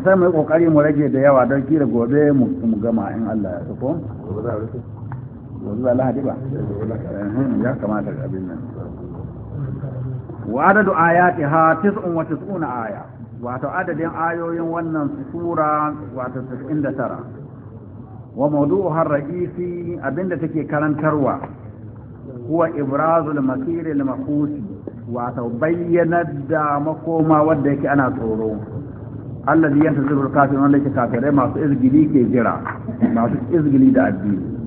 sai mai kokari mu rage da yawa don kira gobe mu gama in Allah ya sako gobe za a rike gobe za a lahadi ba ya kamata ga abin nan wa adadu ayatiha 99 aya wato adadin ayoyin wannan sura wato 99 wa mawdu'uha ar-ra'isi abinda take karantarwa huwa ibrazul masir al-maqus wato bayyana da makoma wanda yake ana tsoro allazi iyanta al-kafirun wanda yake kafirai masu izgili ke jira masu izgili da addini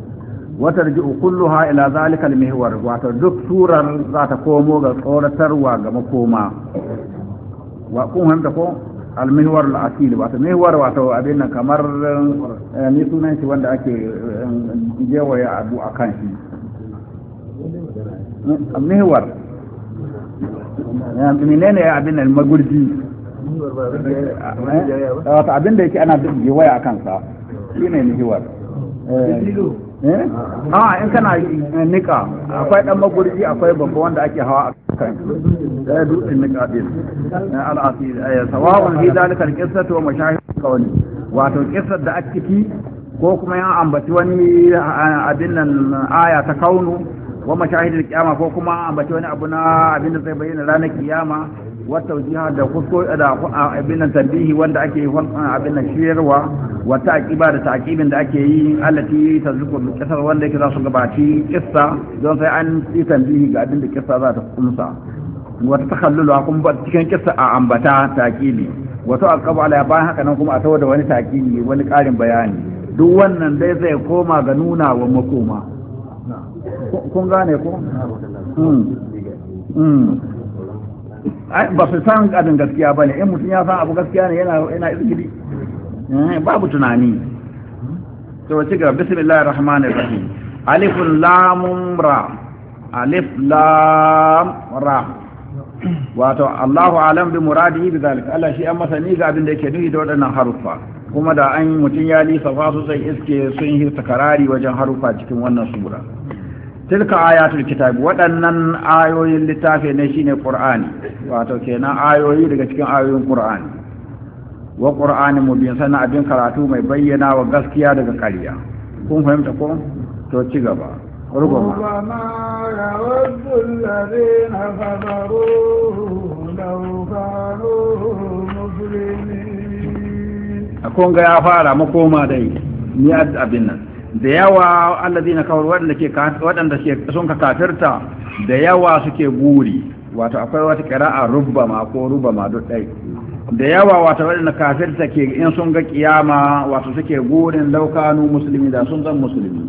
watarji'u kulluha ila zalika al wato duk surar za ta komo ga tsoratarwa ga makoma wa kun hanta ko al-mihwar wato mihwar wato abin nan kamar eh, ni sunan shi wanda ake eh, jewaye abu akan shi mihwar eh, menene abin nan magurji wato abin da yake ana jewaye akan sa shine mihwar Eh? a ah, in kana eh, nika akwai dan magurji akwai babba wanda ake hawa a kan da ya eh, dutsen nika din al'asir sawa'un fi zalika al-qissatu wa mashahid qawli wato qissar da ake ciki ko kuma ya ambaci wani abin nan aya ta kaunu wa mashahid al-qiyama ko kuma ambaci wani abu na abin da zai bayyana ranar kiyama wata jiha da kusko da abin nan tarbihi wanda ake abin nan shirwa wa taqiba da taqibin da ake yi allati tazku kisar wanda yake za su gabaci kissa don sai an yi tarbihi ga abin da kissa za ta kumsa wata takhallulu kuma cikin kissa a ambata taqibi wato aqaba ala bayan haka nan kuma a tawo da wani taqibi wani karin bayani duk wannan dai zai koma ga nuna wa makoma kun gane ko hmm. Hmm. ba su san abin gaskiya ba ne in mutum ya san abu gaskiya ne yana yana izgidi eh, babu tunani to wace ga bismillahir rahmanir rahim alif lam ra alif lam ra wato Allahu alam bi muradihi bi zalika Allah shi an masani ga abin da yake nuni da waɗannan harufa kuma da an mutum ya lisa fa sosai iske sun hirta karari wajen haruffa cikin wannan sura tilka ayatul kitab waɗannan ayoyin littafi ne shine qur'ani wato kenan ayoyi daga cikin ayoyin qur'ani wa qur'ani mubin sana abin karatu mai bayyana wa gaskiya daga ƙarya kun fahimta ko to ci gaba ربما يود الذين كفروا لو كانوا مسلمين أكون يا فارا مكوما دي مئة أبنان da yawa allazina kawar waɗanda ke waɗanda sun ka kafirta da yawa suke guri wato akwai wata qira'a rubbama ko rubbama duk dai da yawa wato waɗanda kafirta ke in sun ga kiyama wato suke gurin laukanu musulmi da sun zan musulmi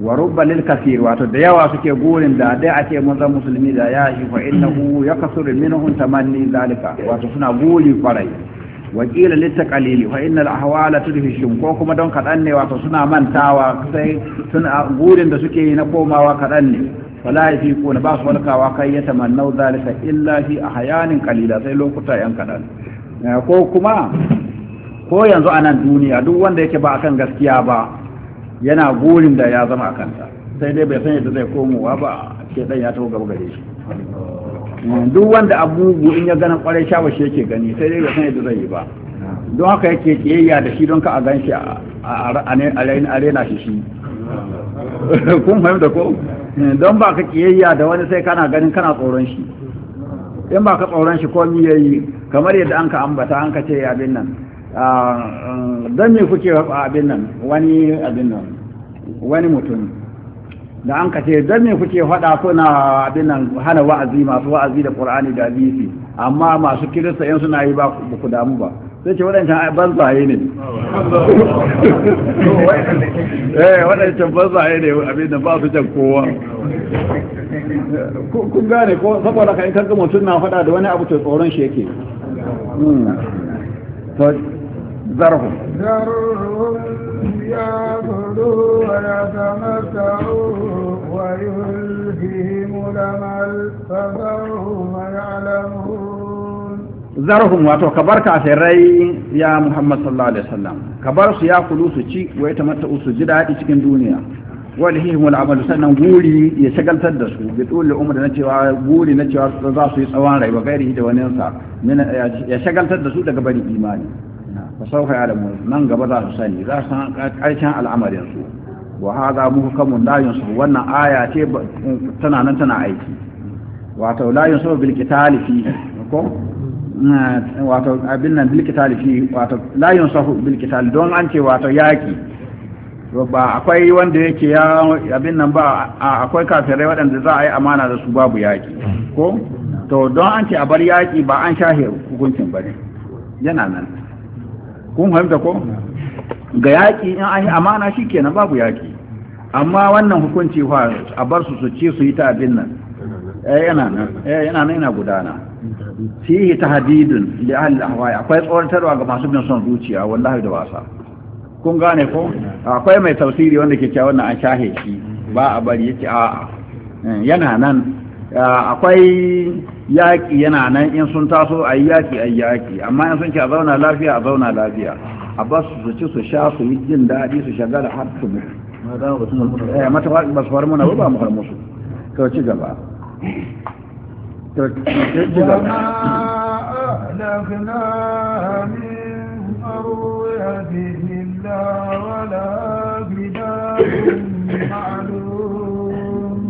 wa rubba lil kafir wato da yawa suke gurin da dai ake mun zan musulmi da ya yi fa innahu yakasuru minhum tamanni zalika wato suna guri kwarai wakila litta kalili wa innal ahwala tudhishum ko kuma don kadan ne wato suna mantawa sai sun gurin da suke yi na komawa kadan ne fala yafi ko ba su walkawa kai ya tamannau zalika illa fi ahyanin qalila sai lokuta yan kadan eh, ko kuma ko yanzu a nan duniya duk wanda yake ba akan gaskiya ba yana gurin da ya zama akan sai dai bai san yadda zai komowa ba ke dan ya tawo gaba gare shi duk wanda abubu in ya ganin kwarai sha shi yake gani sai dai ga san yadda zai yi ba don haka yake kiyayya da shi don ka a gan shi a rena shi shi kun fahimta ko don ba ka kiyayya da wani sai kana ganin kana tsoron shi in ba ka tsoron shi komi ya yi kamar yadda an ka ambata an ka ce abin nan don me kuke abin nan wani abin nan wani mutum da an kace dan me kuke faɗa kuna abin nan hana wa'azi masu wa'azi da qur'ani da hadisi amma masu kirista yan suna yi ba ku damu ba sai ce waɗancan banzaye ne eh waɗancan banzaye ne abin da ba su jan kowa kun gane ko saboda ka in kaga mutum na faɗa da wani abu to tsoron shi yake hmm. zarhum zarhum ya kudu wa ya tamatta'u wa yulhihim lamal fadahum ya'lamun zarhum wato kabar kafirai ya Muhammad sallallahu alaihi wasallam su ya kulu su ci wa ya ji daɗi cikin duniya walihihim al'amal sannan guri ya shagaltar da su bi dole umar na cewa guri na cewa za su yi tsawon rayuwa gairi da wani sa ya shagaltar da su daga bari imani فسوف يعلمون من قبل ذا سني ذا سن قرشان الامر ينسو وهذا محكم لا ينسو wannan aya tana nan tana aiki wato la yunsabu bil qitali fi ko wato abin nan bil fi wato la yunsabu bil don an ce wato yaki ba akwai wanda yake ya abin nan ba akwai kafirai waɗanda za a yi amana da su babu yaki ko to don an ce a bar yaki ba an shahe hukuncin bane yana nan kun fahimta ko ga yaƙi in an yi amana shi kenan babu yaƙi amma wannan hukunci fa a bar su su ci su yi ta abin nan eh, yana nan eh, yana nan yana gudana fihi tahdidun li ahli ahwa'i akwai tsoratarwa ga masu bin son zuciya wallahi da wasa kun gane ko akwai mai tafsiri wanda ke cewa wannan an shahe shi ba a bari yake a eh, yana nan akwai yaƙi yana nan in sun taso a yi yaƙi a yaƙi amma in sun ce a zauna lafiya a zauna lafiya a ba su ci su sha su yi jin daɗi su da har su mutu eh, mata ba su faru muna ba mu faru musu ta ci gaba ta ci gaba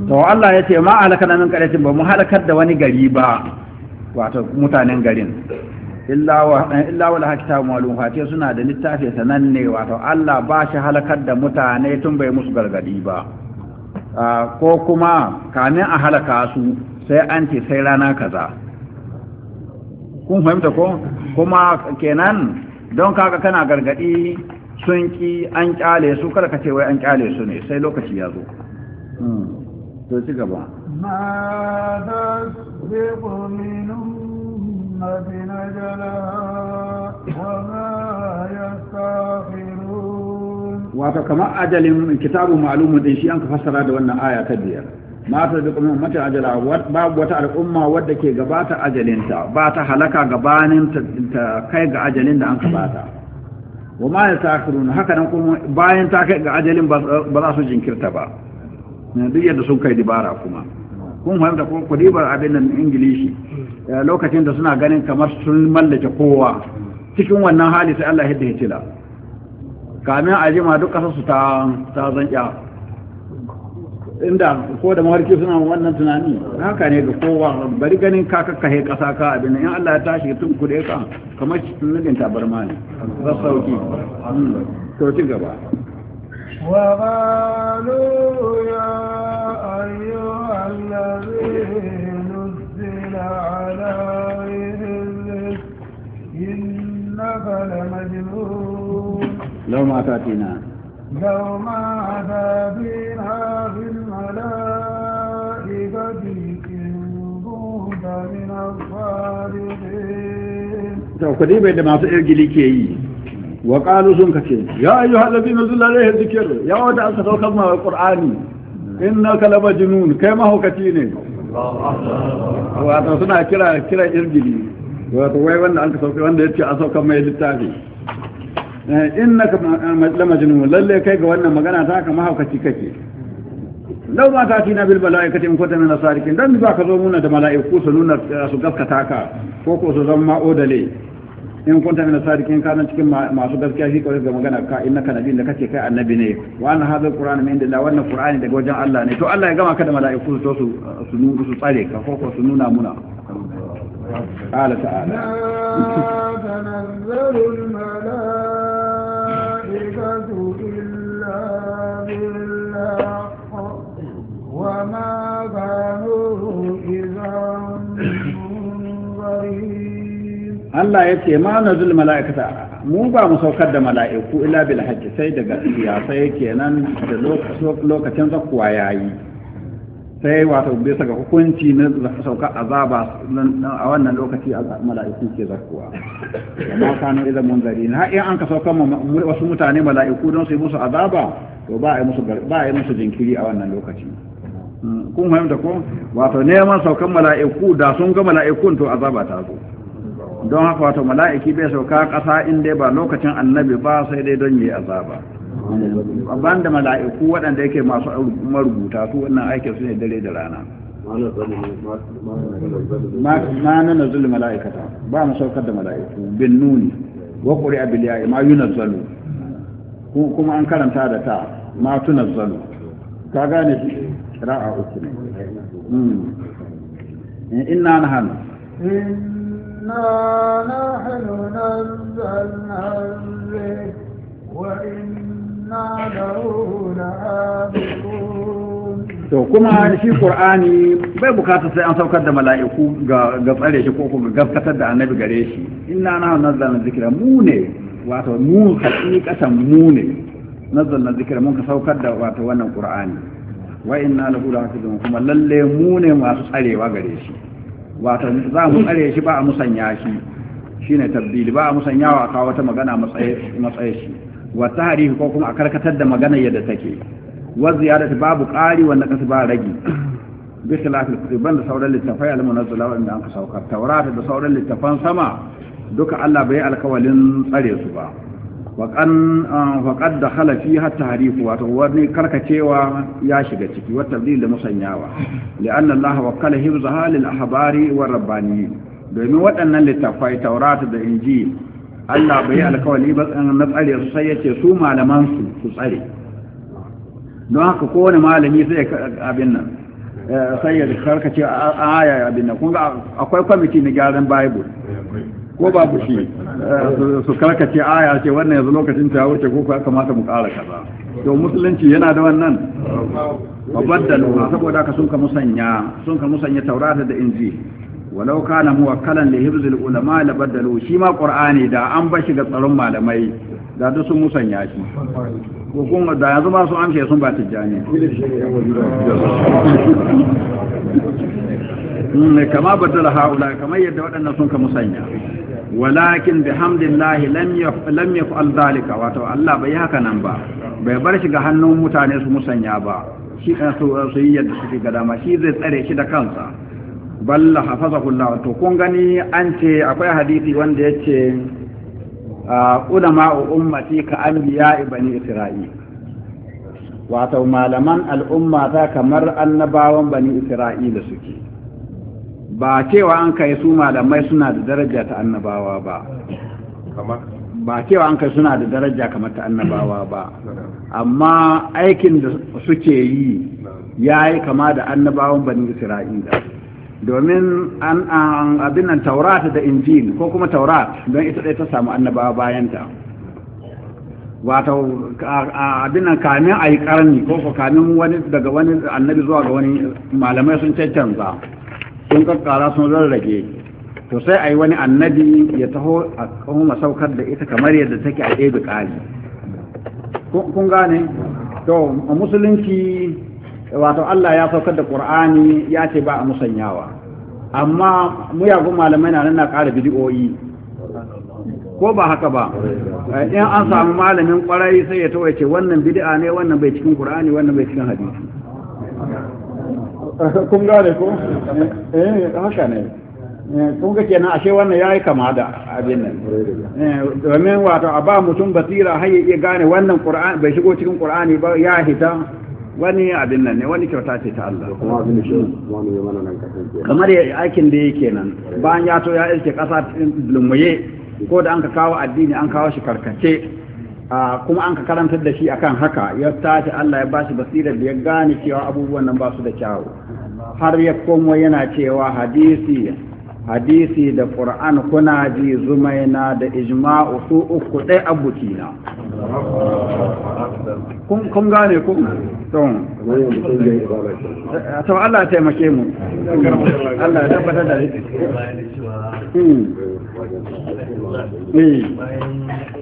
to Allah ya ce ma halaka nan ba mu halakar da wani gari ba wato mutanen garin illa wa illa wal hakita malum fati suna da littafi sananne wato Allah ba shi halakar da mutane tun bai musu gargadi ba ko kuma kamin a halaka su sai an ce sai rana kaza kun fahimta ko kuma kenan don kaga kana gargadi sun ki an kyale su kada ka ce wai an kyale su ne sai lokaci ya zo hmm. to ci gaba wato kamar ajalin kitabu ma'alumun din shi an ka fassara da wannan aya ta biyar mata da kuma mata ajala babu wata al'umma wadda ke gabata ajalinta ba ta halaka gabanin ta kai ga ajalin da an ka bata wa ma ya haka nan kuma bayan ta kai ga ajalin ba za su jinkirta ba duk yadda sun kai dibara kuma kun fahimta ko ku dibar abin nan ingilishi eh, lokacin da suna ganin kamar sun mallake kowa cikin wannan hali sai Allah ya hitila kamin a jima duk kasar su ta ta zanya inda ko da mawarki suna wannan tunani haka ne ga kowa bari ganin ka kakka he kasa ka abin in Allah ya tashi tun kuɗe ka kamar cikin nufin tabarma ne sauki hmm. to ci gaba وقالوا يا أيها إنك لمجنون لو ما تأتينا لو ما تأتينا في الملائكة من الصالحين. Tau, kudi ما تأتي لكي wa qalu sun kace ya ayyuha alladhina zalla alayhi dhikr ya wada aka saukar ma qur'ani innaka labajnun kai mahaukaci ne Wata suna kira kira irgili wato wai wanda an ka sauke wanda ya ce a saukar mai littafi In innaka lamajnun lalle kai ga wannan magana ta kama hukaci kake lau ma ta tina bil mala'ikati in kunta min asarikin dan ba ka zo muna da mala'iku su nuna su gaskata ka ko ko su zama odale in kunta min sadiqin ka zan cikin masu gaskiya shi kawai ga magana ka innaka nabi da kace kai annabi ne wa anna hadha alquran min inda wannan qur'ani daga wajen Allah ne to Allah ya gama ka da mala'iku to su su nuna su tsare ka ko su nuna muna قال ta'ala لا تنزل malaa Allah ya ce ma zul mala'ikata mu ba mu saukar da mala'iku ila bil haji sai daga iya sai kenan da lokacin ya yi, sai wato bisa ga hukunci na sauka azaba a wannan lokaci mala'iku ke zakkuwa amma kanu idan zari na in an ka saukar wasu mutane mala'iku don su yi musu azaba to ba a musu ba a yi musu jinkiri a wannan lokaci hmm, kun fahimta ko wato neman saukan mala'iku da sun ga mala'ikun to azaba ta zo don haka wato mala'iki bai sauka ƙasa in dai ba lokacin annabi ba sai dai don yi azaba ban da mala'iku waɗanda yake masu marubuta su wannan aikin su ne dare da rana ma na nazulu mala'ikata ba mu saukar da mala'iku bin nuni wa ƙuri bil ya'i ma yunazzalu kuma an karanta da ta ma tunazzalu ka gane ra'a uku ne hmm. inna hannu? إنا نحن نزلنا وإنا له لحافظون to kuma shi qur'ani bai bukata sai an saukar da mala'iku ga ga tsare shi ko kuma gaskatar da annabi gare shi inna nahnu nazzalna dhikra mu ne wato mu haqiqatan mu ne nazzalna dhikra mun ka saukar da wato wannan qur'ani wa inna lahu lahafizun kuma lalle mu ne masu tsarewa gare shi wato za mu tsare shi ba a musanya shi shi ne tabbili ba a musanyawa kawo wata magana matsayi shi wa tahrifi ko kuma a karkatar da magana yadda take ya ziyadati babu qari wa naqas ba ragi bi khilafil ban da sauran littafai na zulawar inda an saukar tawrata da sauran littafan sama duka Allah bai alkawalin tsare su ba faƙad da halafi hatta harifu wato wani karkacewa ya shiga ciki wata tabdil da musanyawa li'anna Allah wakkala hibzaha lil ahbari war rabbaniyin domin waɗannan littafai taurata da injil Allah bai yi alkawali ba na tsare su sai yace su malaman su su tsare don haka kowane malami sai abin nan sai ya karkace aya abin nan kun akwai kwamiti na gyaran bible ko babu shi su karkace aya ce wannan yanzu lokacin ta wuce ko ya kamata mu ƙara kaza to musulunci yana da wannan babaddalu saboda ka sun ka musanya sun ka musanya taurata da inji walau kana muwakkalan li hibzil ulama la badalu shi ma qur'ani da an ba shi ga tsaron malamai da duk sun musanya shi ko kuma da yanzu ma su amshe sun ba tijjani hmm, kama baddala haula kamar yadda waɗannan sun ka musanya walakin bihamdillahi lam yaf'al zalika wato Allah bai haka nan ba bai bar shi ga hannun mutane su musanya ba shi kan eh, su eh, su yi yadda suke ga dama shi zai tsare shi da kansa balla hafazahu Allah to kun gani an ce akwai hadisi wanda yace ah, ulama ummati ka anbiya bani isra'i wato malaman al'umma ta kamar annabawan bani da suke ba cewa an kai su malamai suna da daraja ta annabawa ba ba cewa an kai suna da daraja kamar ta annabawa ba amma aikin da suke yi ya yi kama da annabawan banin isra'ila domin an abin nan taurat da injil ko kuma taurat don ita ɗaya ta samu annabawa bayanta wato abin nan kamin a yi karni ko kamin wani daga wani annabi zuwa ga wani malamai sun cancanza in kakkara sun rarrage to sai a yi wani annabi ya taho a kuma saukar da ita kamar yadda take a ɗebe ƙari kun gane to a musulunci wato Allah ya saukar da ƙur'ani ya ce ba a musanyawa amma muyagun malamai na nan na ƙara bidiyoyi ko ba haka ba eh, in an samu malamin ƙwarai sai ya tawaye ce wannan bid'a ne wannan bai cikin ƙur'ani wannan bai cikin hadisi kun gane ko eh, eh haka ne eh, kun ga kenan ashe wannan yayi kama da abin nan eh, domin wato a ba mutum basira har ya gane wannan qur'ani bai shigo cikin qur'ani ba ya hita wani abin nan ne wani kyauta ce ta Allah kamar ya aikin da yake nan bayan ya to ya iske kasa lumuye ko da an ka kawo addini an kawo shi karkace Ah, kuma an ka karantar da shi akan haka ya tashi Allah ya bashi basirar da ya gane cewa abubuwan nan ba su da kyawu har ya komo yana cewa hadisi hadisi da Qur'an kuna ji zumaina da ijma'u su uku ɗai abukina kun gane ku don to Allah ya taimake mu Allah ya tabbatar da shi hmm. eh.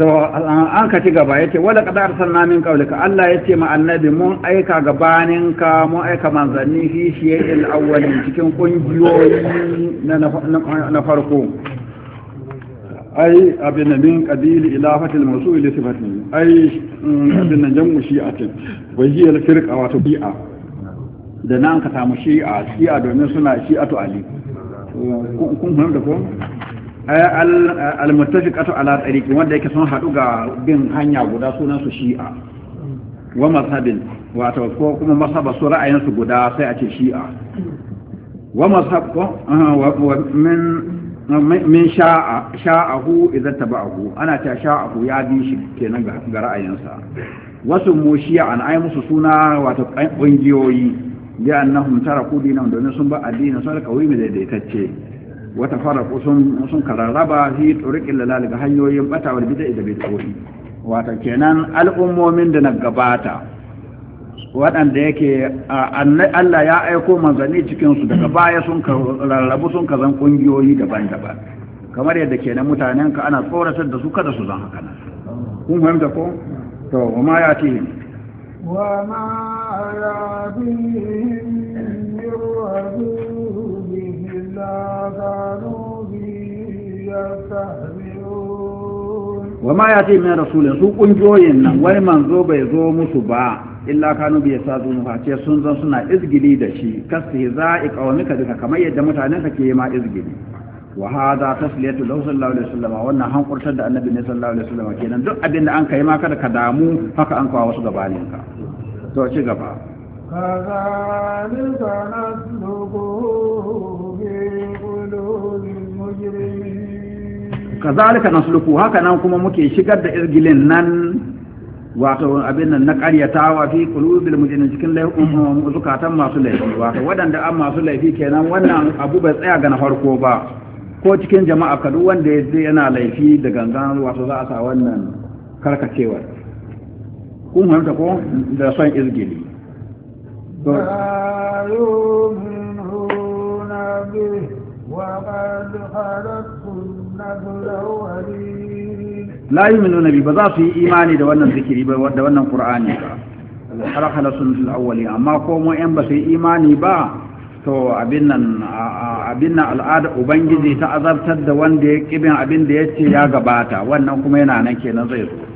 to an ka ci gaba yace wala qad arsalna min ka Allah ce ma annabi mun aika gabanin ka mun aika manzanni fi shiyil awwalin cikin kungiyoyi na farko ai abin min qabil ilafati al-mawsu'i li sifati ai mm, abin nan jamu shi'atin wa hiya al-firqa wato bi'a da nan ka samu shi'a shi'a domin suna shi'atu ali kun fahimta ko Eh, al eh, atu ala tariqin wanda yake sun hadu ga bin hanya guda sunan su shi'a wa mazhabin wato ko kuma mazhaba su ra'ayin su guda sai a ce shi'a wa mazhab ko wa min min sha'a sha'ahu idan taba'ahu ana ta sha'ahu ya bi shi kenan ga ra'ayinsa wasu mu shi'a an ai musu suna wato kungiyoyi bi annahum taraku dinan domin sun ba addini sun ka wuri daidaitacce wata faraku sun kararraba fi turikin lalali ga hanyoyin batawar bid'a da bai bid'o'i wata kenan al'ummomin da na gabata waɗanda yake Allah ya aiko manzanni cikinsu daga baya sun rarrabu sun ka zan ƙungiyoyi daban-daban kamar yadda kenan mutanen ka ana tsoratar da su kada su zan haka nan kun fahimta ko to wa ma ya tihim wa ma ya tihim min ma ya ce min rasulun su kungiyoyin nan wani manzo bai zo musu ba. illa kanu bi yasadun fa ce sun zan suna izgili da shi za za'i qawmika duka kamar yadda mutanen ka ke ma izgili wa hada tasliyatu lahu sallallahu alaihi wasallam wannan hankurtar da annabi ne sallallahu alaihi wasallam kenan duk abin da an kai ma kada ka damu haka an kawo wasu gabanin ka to ci gaba كذلك نسلكه في قلوب المجرمين كذلك نسلكه هكذا كما مكي شقد إرجلين نن wato abin nan na karyatawa fi kulubil mujrimin cikin laifin, zukatan masu laifi wato wadanda an masu laifi kenan wannan abu bai tsaya ga na farko ba ko cikin jama'a ka duk wanda yana laifi da gangan wato za a sa wannan karkacewar kun fahimta ko da son izgili لا يؤمنون به وقد خلت سنة الأولين لا يؤمنون به بذا في إيماني دا wannan zikiri ba da wannan Qur'ani ba har sun sunnatul awwali amma ko mu yan ba yi imani ba to abin nan al'ada ubangiji ta azabtar da wanda ya kibin abin da ya ce ya gabata wannan kuma yana nan kenan zai zo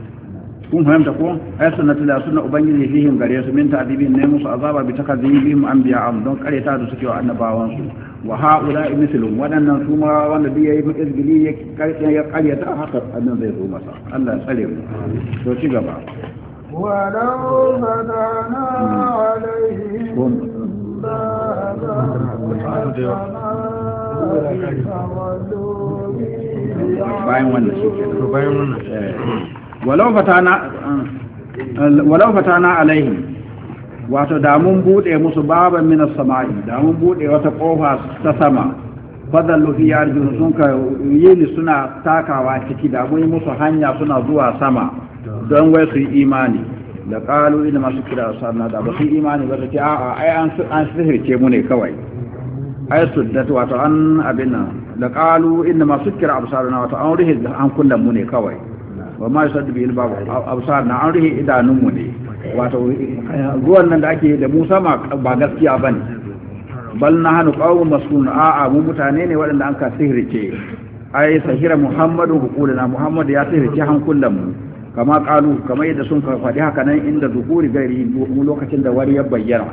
kun fahimta ko ai sunnatu da sunna ubangiji fihim gare su min ta'dibin ne musu azaba bi takadzibihim anbiya'am don kareta da suke wa annabawan su wa haula mislum wadannan su ma wanda bi yayi izgili ya kareta ya kareta haka annan zai zo masa Allah tsare mu to ci gaba ولو فتحنا عليهم بابا السماء فظلوا به walau fatana walau fatana alaihim wato da mun bude musu baban minas sama'i da mun bude wata kofa ta sama fadallu fi arjun sun ka yini suna takawa ciki da mun musu hanya suna zuwa sama don wai su yi imani da kalu ina masu kira na da ba su imani ba su ce a'a ai an an sihirce mu ne kawai ai da wato an abin nan da kalu ina masu kira abu absaruna wato an rihe an kullum mu ne kawai wa ma yusaddu bil absar na an rihe idanunmu ne wato ruwan nan da ake da Musa ba gaskiya bane bal na hanu qawmun masun a'a mu mutane ne waɗanda an ka sihirce ai sahira muhammadu hukulana muhammadu ya sihirce hankulan mu kama kalu kama yadda sun faɗi haka nan inda zuhuri gairi lokacin da wari ya bayyana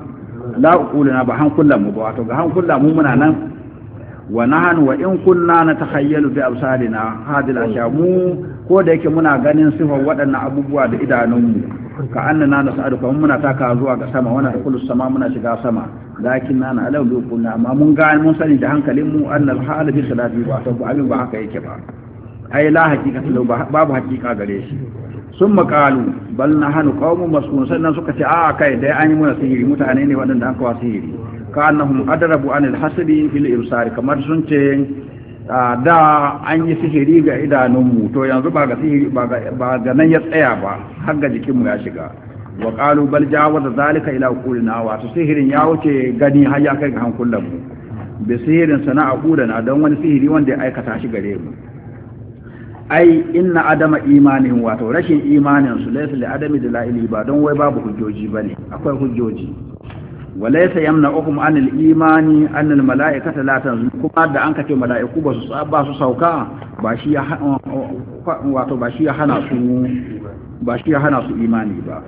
la uquluna ba hankulan mu ba wato ga hankulan mu muna nan wa nahnu wa in kunna natakhayyalu bi absarina hadil asha mu ko da yake muna ganin sifar waɗannan abubuwa da idanunmu ka annana nas'alu kuma muna taka zuwa ga sama wana kullu sama muna shiga sama lakin na na alau lukuna amma mun gani mun sani da hankalin mu annal halu bi salati ba to abin ba haka yake ba ai la hakika haqiqa babu hakika gare shi sun makalu bal na hannu kawo masu sannan suka ce a kai dai an yi muna sihiri mutane ne waɗanda aka wa sihiri ka na adara adrabu anil hasri fili ibsar kamar sun ce da an yi sihiri ga idanunmu to yanzu ba ga sihiri ba ga nan ya tsaya ba har ga jikinmu ya shiga wa qalu bal jawaza zalika ila qulina wa sihirin ya wuce gani har ya kai ga hankulan mu bi sihirin sana'a qulana don wani sihiri wanda ya aikata shi gare mu ai inna adama imanin wato rashin imanin su laysa li adami dalaili ba don wai babu hujjoji bane akwai hujjoji Wa walaysa yamna'ukum anil imani anil mala'ikata la tanzu kuma da an kace mala'iku ba su ba su sauka ba shi ya wato ba shi ya hana su ba shi ya hana su imani ba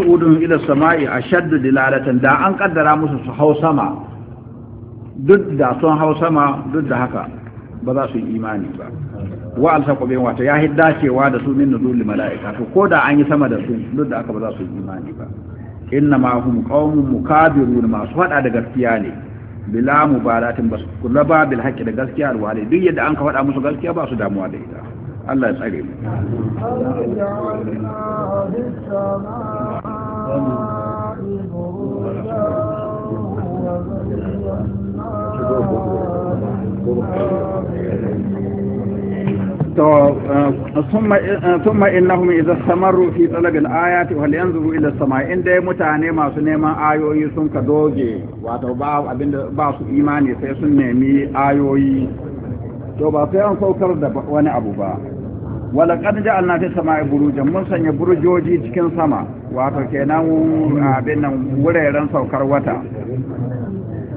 su'udun ila sama'i ashaddu dilalatan da an kaddara musu su hau sama duk da sun hau sama duk da haka ba za su yi imani ba wa alsaqu wato ya hidda cewa da su min nuzul malaika to ko da an yi sama da su duk da aka ba za su yi imani ba inna ma hum qaumun mukabirun masu fada da gaskiya ne bila mubaratin bas kula ba bil haqqi da gaskiya alwali duk yadda an ka fada musu gaskiya ba su damuwa da ita Allah ya tsare mu To sun eh, ma'in na eh, kuma idan samarru fi talagin A ya fi hulɗar inda mutane da mutane masu neman ayoyi sun kaɗo ke, wato abin da ba su imani sai sun nemi ayoyi. To ba sai an saukar da wani abu ba. Walaƙaɗan jihar na ce sama'a burujan, mun sanya burujjoji cikin sama, wato kenan abin da wuraren saukar wata.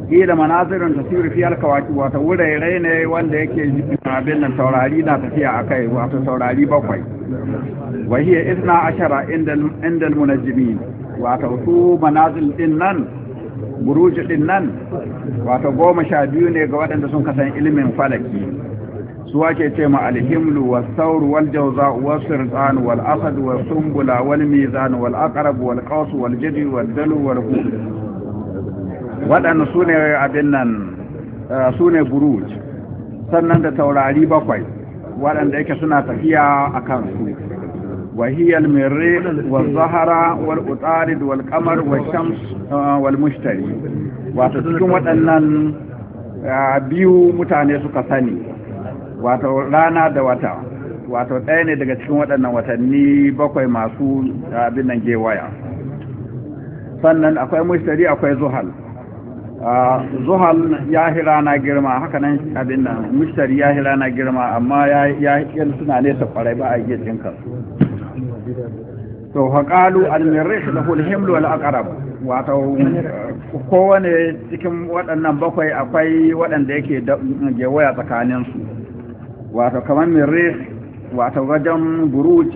kila manasirin tasiri fi kawaki. wata wurare ne wanda yake abin nan taurari na tafiya a kai wato taurari bakwai wahiyar isna ashara inda munajjimi wato su manazil din nan buruji din nan wato goma sha biyu ne ga waɗanda sun kasan ilimin falaki su ake ce ma alhimlu wa sauru wal jauza wa sirtan wal asad wa sumbula wal mizan wal aqrab wal qaws wal jadi wal dalu wal waɗanda su ne abin nan eh, su ne buruj sannan da taurari bakwai waɗanda yake suna tafiya a kansu wahiyar mirri wa zahara wal utarid wal kamar wa shams eh, wal mushtari wato cikin waɗannan eh, biyu mutane suka sani wato rana da wata wato ɗaya ne daga cikin waɗannan watanni bakwai masu abin nan gewaya sannan akwai mushtari akwai zuhal Ah, zuhal ya hira na girma haka nan abin nan mishtari ya hira na girma amma ya yan suna nesa kwarai ba a iya cinka to haƙalu almirrish da hulhimlu al'aƙarab wato kowane cikin waɗannan bakwai akwai waɗanda yake gewaya tsakaninsu Wato kamar mirrish wato wajen buruj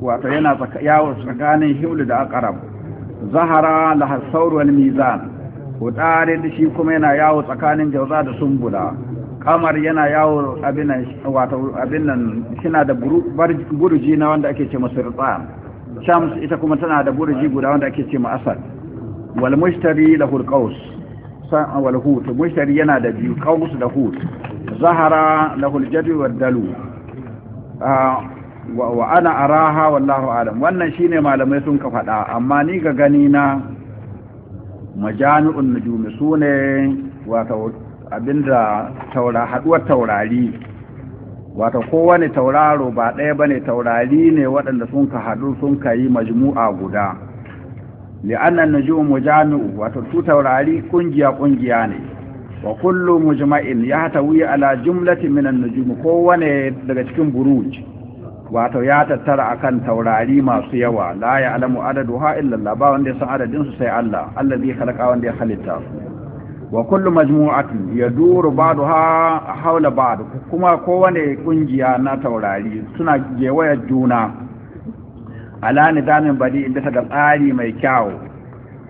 wato yana tsakanin himlu da aqrab zahara lahasaur wal mizan hudari da shi kuma yana yawo tsakanin jauza da sumbula kamar yana yawo abin nan shina da burji na wanda ake ce masu ritsa shams ita kuma tana da burji guda wanda ake ce ma'asar walmushtari da hulkaus wal Walhut. mushtari yana da biyu kaus da hut zahara da huljari ah, wa dalu wa ana araha wallahu alam wannan shine malamai sun ka faɗa amma ni ga gani na majami'un nujumi su ne wato abinda taura haduwar taurari wato kowane tauraro ba ɗaya ba ne taurari ne waɗanda sun ka haɗu sun ka yi majmu'a guda li'annan nujum majami'u wato su taurari ƙungiya ƙungiya ne wa kullum mujma'in ya hatawi ala jumlatin minan nujum kowane daga cikin buruj wato ya tattara akan taurari masu yawa la ya alamu adadu ha illallah ba wanda ya san adadin su sai Allah Allah zai halaka wanda ya halitta su wa kullu majmu'atin yaduru ba'daha hawla ba'd kuma kowane kungiya na taurari suna gewaya juna ala nidamin badi bisa da tsari mai kyau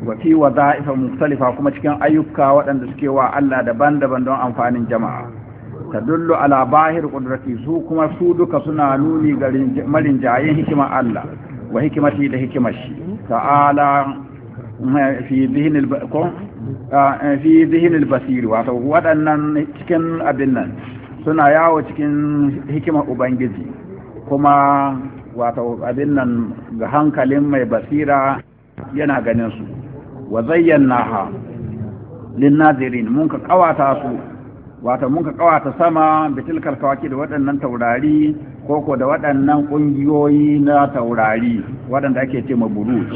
wa fi wadha'ifa mukhtalifa kuma cikin ayyuka waɗanda suke wa Allah daban-daban don amfanin jama'a tadullu ala bahir qudrati su kuma su duka suna nuni ga marinjayen hikima Allah wa hikimati da hikimashi ta'ala eh, fi dhihnil eh, fi dhihnil basir waɗannan cikin abin nan suna yawo cikin hikima ubangiji kuma wato abin nan ga hankalin mai basira yana ganin su wa zayyana ha lin mun ka kawata su Wata mun ka kawata sama bitilkar kawaki da waɗannan taurari ko ko da waɗannan ƙungiyoyi na taurari waɗanda ake ce ma buruj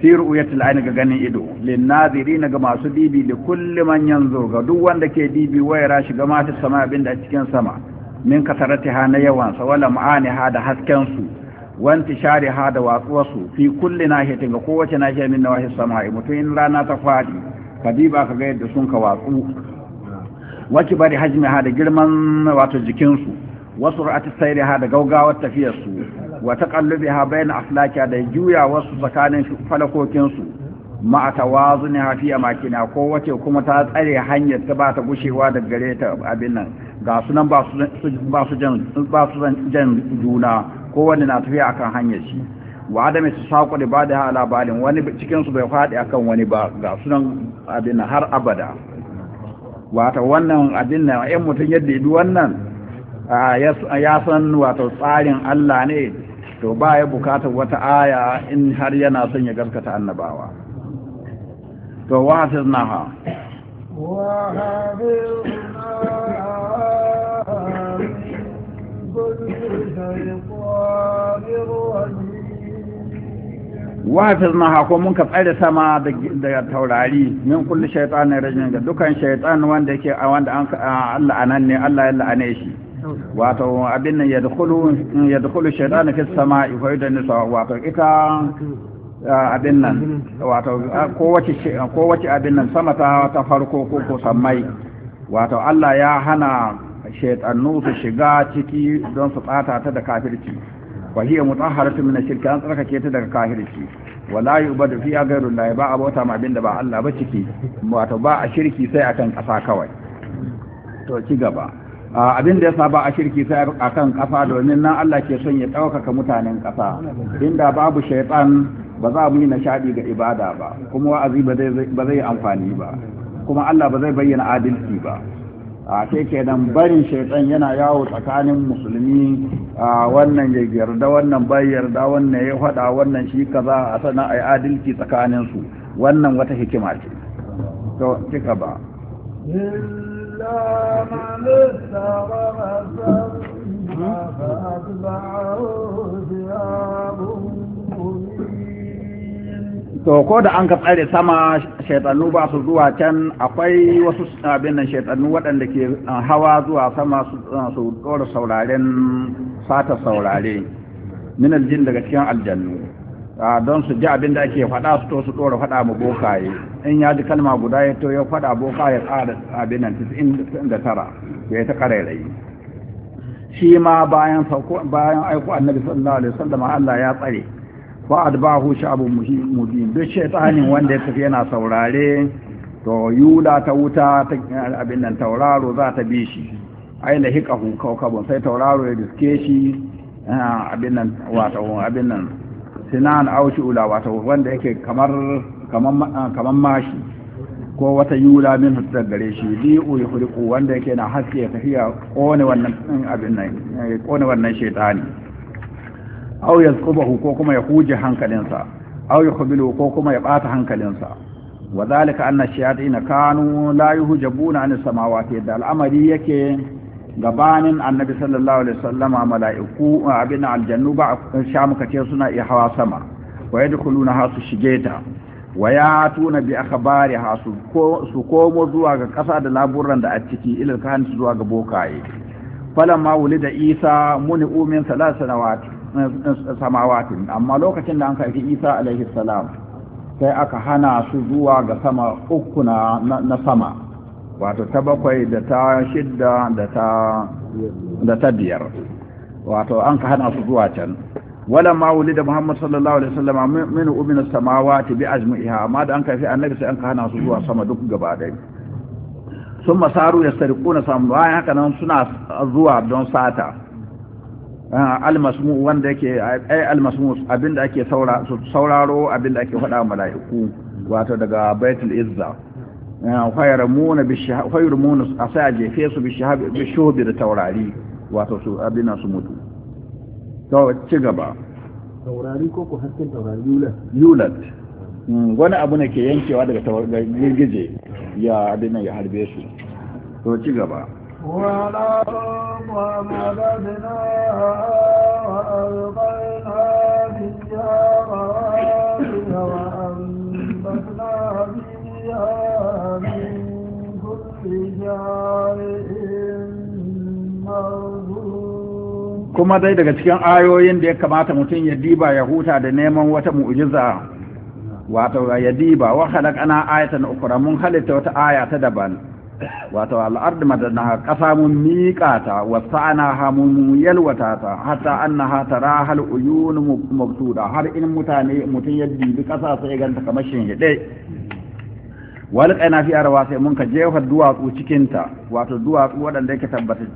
fi ru'yatil ayn ga ganin ido Linnaziri, nazirin ga masu dibi da kulli man yanzu ga duk wanda ke dibi wayara shiga masu sama abinda a cikin sama min ha na yawan sa wala ha da hasken su wanti share ha da watsuwarsu fi kulli nahiyatin ga kowace nahiya min na sama'i mutum in rana ta fadi kadiba ka ga yadda sun ka watsu waki bari hajmi ha da girman wato jikinsu wasu ra'ati sayri ha da gaugawar tafiyarsu wata taqallubi ha bayna aflakiha da juya wasu tsakanin falakokinsu ma tawazuni ha fi makina, ko wace kuma ta tsare hanyar ta ba ta gushewa da gare ta abin nan ga su ba ba su jan juna wani na tafiya akan hanyar shi wa adami su saƙo da ba da ha labarin wani cikinsu bai faɗi akan wani ba ga sunan abin har abada wata wannan abin nan ‘yan mutum yadda ibi wannan ya san wata tsarin Allah ne to ba ya bukatar wata aya in har yana son ya gaskata annabawa to wata naha wahafiz na hako mun ka tsare sama da taurari min kulli shaytanin rajin ga dukan shaytan wanda yake a wanda an Allah anan ne Allah ya la'ane shi wato abin nan yadkhulu yadkhulu shaytan fi samai fa sa wato ita abin nan wato kowace wace abin nan sama ta ta farko ko ko sammai wato Allah ya hana shaytanu su shiga ciki don su tsata ta da kafirci fa hiya mutahharatu min ash-shirk an tsarkake ta daga kafirci wala yubadu fiha ghayru Allah ba abota ma abinda ba Allah ba ciki wato ba a shirki sai akan kasa kawai to ci gaba abin da yasa ba a shirki sai akan kasa domin nan Allah ke son ya ɗaukaka mutanen kasa inda babu shaytan ba za mu yi nishadi ga ibada ba kuma wa'azi ba zai amfani ba kuma Allah ba zai bayyana adalci ba a ke kenan barin shaitan yana yawo tsakanin musulmi a wannan ya yarda wannan bai yarda wannan ya faɗa wannan shi kaza a sana a yi adalci tsakanin su wannan wata hikima ce to kika ba to ko da an ka tsare sama shaitannu ba su zuwa can akwai wasu abin nan shaitannu waɗanda ke uh, hawa zuwa sama su uh, ɗora sauraren sata saurare minal jin daga cikin aljannu don su ji abin da ake faɗa su to su ɗora faɗa mu bokaye in ya ji kalma guda ya to ya faɗa bokaye tsara abin nan da tara ya ta ƙarairayi shi ma bayan aiko annabi sallallahu alaihi wasallam Allah ya tsare fa adbahu sha'bun mubin duk shaytanin wanda ya tafi yana saurare to yula ta wuta ta abin nan tauraro za ta bi shi ai lahiqahu kawkabun sai tauraro ya diske shi abin nan wato abin nan sinan shi ula wato wanda yake kamar kamar kamar mashi ko wata yula min hutar gare shi li'u yuhriqu wanda yake na haske tafiya kone wannan abin nan kone wannan shaytani aw yazqubahu ko kuma ya huje hankalinsa aw yukhbilu ko kuma ya bata hankalinsa wa zalika anna shayatin kanu la yuhjabuna an samawati da al'amari yake gabanin annabi sallallahu alaihi wasallama mala'iku abin aljannu ba ce suna iya hawa sama wa yadkhuluna hasu shigeta wa ya tuna bi akhbari hasu ko su komo zuwa ga kasa da laburan da a ciki ilal kan zuwa ga bokaye falamma wulida isa muni umin salasa wati samawatin amma lokacin da an karfi isa alaihi salam sai aka hana su zuwa ga sama uku na, na sama wato ta bakwai da ta shidda da ta da ta biyar wato an ka hana su zuwa can wala ma wulida muhammad sallallahu alaihi wasallam min umin samawati bi ajmiha amma da an karfi annabi sai an ka hana su zuwa sama duk gaba dai sun masaru ya sarikuna samu bayan haka nan suna zuwa don sata Ah, almasmu wanda yake ai almasmu abinda ake sauraro abinda ake faɗa mala'iku wato daga baitul izza ah, khayramuna bishahab khayrumuna asaje jefe su bishahab bishubi da taurari wato su abina su mutu to ci gaba taurari ko ku hakkin taurari yulat yulat hmm, wani abu ne ke yankewa daga girgije ya abin ya harbe su to ci gaba والأرض وألقينا فيها رواسي وأنبتنا فيها من كل kuma dai daga cikin ayoyin da ya kamata mutum ya diba ya huta da neman wata mu'jiza wato ya diba wa khalaqana ayatan ukra mun halitta wata aya ta daban wato al'ard madana ƙasa mun miƙa ta wasu ana hamun yalwata ta hatta annaha tara hal uyun mabtuda har in mutane mutum ya dibi ƙasa sai ganta kamar shinhiɗe wal qaina fi arwa sai mun ka jefa duwatsu cikin ta wato duwatsu waɗanda yake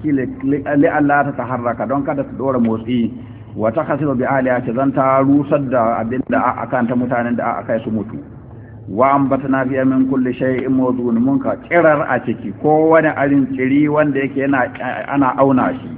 kile li Allah ta taharraka don kada su dora motsi wa takhasiru bi aliyati zan rusar da abinda akan ta mutanen da aka kai su mutu wa na fiya min kulli shay'in mawdun mun ka tsirar a ciki ko wani arin tsiri wanda yake ana auna shi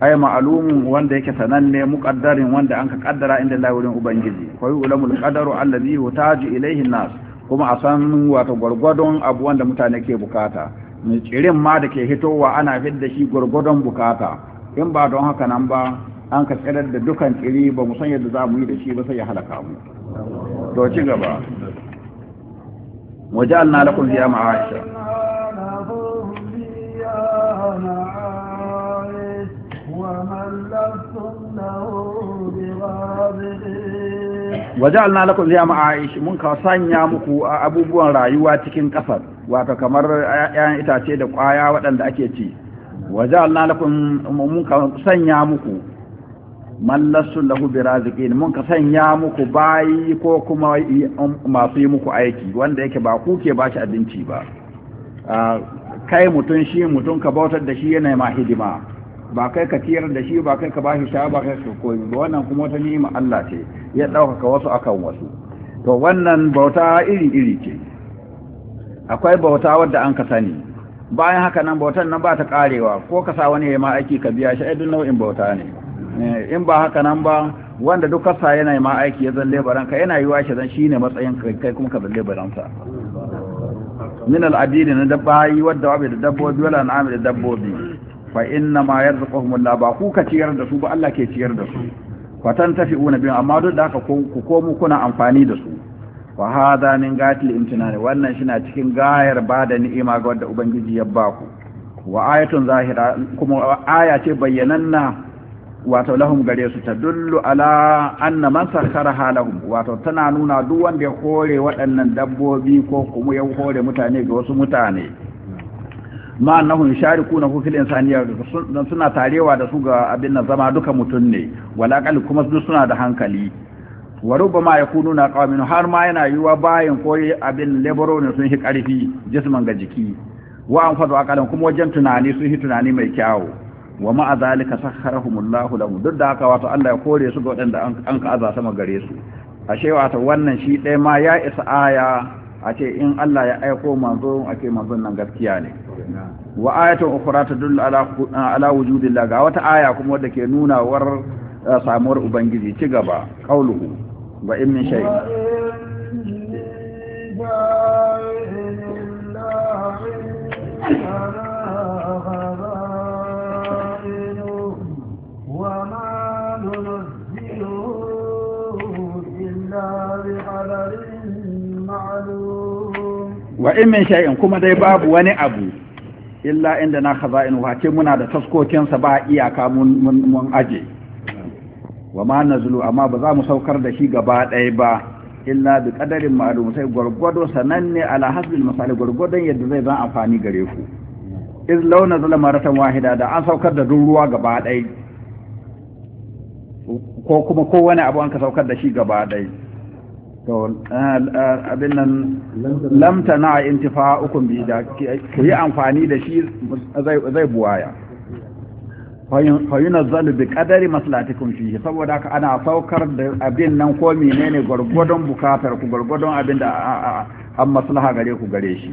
ai ma'lumun wanda yake sananne mukaddarin wanda anka kaddara inda lawurin wurin ubangiji ko ulamul qadaru allazi yutaju ilayhi nas kuma a san wato gwargwadon abu wanda mutane ke bukata mai tsirin ma da ke hitowa ana fidda shi gwargwadon bukata in ba don haka nan ba an ka tsirar da dukan tsiri ba mu san yadda za mu yi da shi ba sai ya halaka mu to ci gaba وجعلنا لكم فيها معايشة وجعلنا لكم فيها معايش من كسانيا muku abubuwan rayuwa cikin kasar wato kamar ayan itace da ƙwaya waɗanda ake ci wajalna lakum mun sanya muku mallasu lahu bi raziqin mun ka sanya muku bayi ko kuma um, masu yi muku aiki wanda yake ba ku ke bashi abinci ba kai mutun shi mutun ka bautar da shi yana ma hidima ba kai ka tiyar da shi ba kai ka bashi sha ba kai ka koyi ba wannan kuma wata ni'ima Allah ce ya dauka wasu akan wasu to wannan bauta iri iri ce akwai bauta wadda an ka sani bayan haka nan bautan nan ba ta karewa ko ka sa wani ya ma aiki ka biya shi ai duk nau'in bauta ne Eh, in ba haka nan ba wanda duk kasa yana ma aiki ya zalle baranka yana yi washe zan shine matsayin kai kuma ka zalle baranka min al'adini na yi wadda wabi da dabbobi wala na'ami da dabbobi fa inna ma yarzuquhum Allah ba ku ka ciyar da su ba Allah ke ciyar da su fa tantafi'una bi amma duk da haka ku komo kuna amfani da su wa hada min gatil imtinani wannan shi cikin gayar ba da ni'ima ga wadda ubangiji ya ba ku wa ayatun zahira kuma aya ce bayyananna wato lahum gare su ta dullu ala anna man halahum wato tana nuna duk wanda ya hore waɗannan dabbobi ko kuma ya hore mutane ga wasu mutane ma annahum sharikuna fi fil insaniya suna tarewa da su ga abin nan zama duka mutun ne wala kuma su suna da hankali wa rubbama na qawmin har ma yana yiwa bayan ko abin lebaro ne sun yi karfi jisman ga jiki wa an fadu akalan kuma wajen tunani sun yi tunani mai kyau wa ma'a zalika sakharahumullahu lahu duk da haka wato Allah ya kore su ga wadanda an ka aza sama gare su ashe wato wannan shi ɗaya ma ya isa aya a ce in Allah ya aiko manzo ake manzon nan gaskiya ne wa ayatun ukhra tadullu ala ala wujudillah ga wata aya kuma wadda ke nuna war eh, samuwar ubangiji ci gaba qauluhu wa in min shay Allah wa in min sha'in kuma dai babu wani abu illa inda na haza in wace muna da taskokinsa ba iyaka mun aje wa ma na zulu amma ba za mu saukar da shi gaba ɗaya ba illa da ƙadarin ma'adu sai gwargwado sananne ala hasbin misali gwargwadon yadda zai zan amfani gare ku iz launa zala maratan wahida da an saukar da duk ruwa gaba ɗaya ko kuma kowane abu an ka saukar da shi gaba ɗaya Eh, eh, abin nan lamta na intifa ukun bi da ku yi amfani da shi zai buwaya fayuna zalu bi kadari maslatikum fihi saboda ka ana saukar da abin nan ko menene gwargwadon bukatar ku gwargwadon abin da an maslaha gare ku gare shi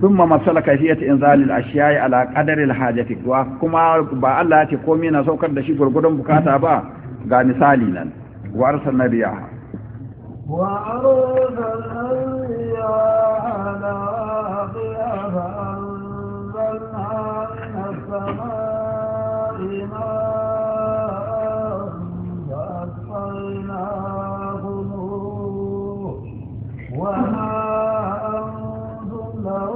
thumma masala kayfiyat inzal al ashiya'i ala qadari al hajati wa kuma ba Allah ya ce komai na saukar da shi gwargwadon bukata ba ga misali nan warsa na riyaha وعرض الأنبياء نواقيا فأنزلنا من السماء ماء فأسقيناكم وما أنتم له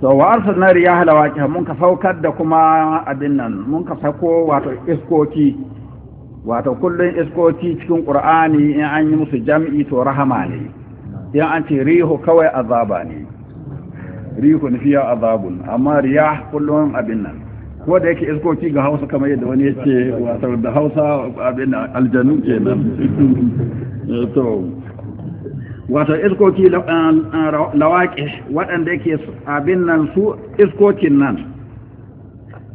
to wa mun ka saukar da kuma abin nan mun ka sako wato iskoki wato kullun iskoci cikin qur'ani in an yi musu jam'i to rahama ne in an ce rihu kawai azaba ne rihun fiya azabun amma riya kullun abin nan ko da yake iskoki ga hausa kamar yadda wani ya ce wato da hausa abin aljanu ke nan to wato iskoci eh, eh, lawaƙi waɗanda yake abin nan su iskokin nan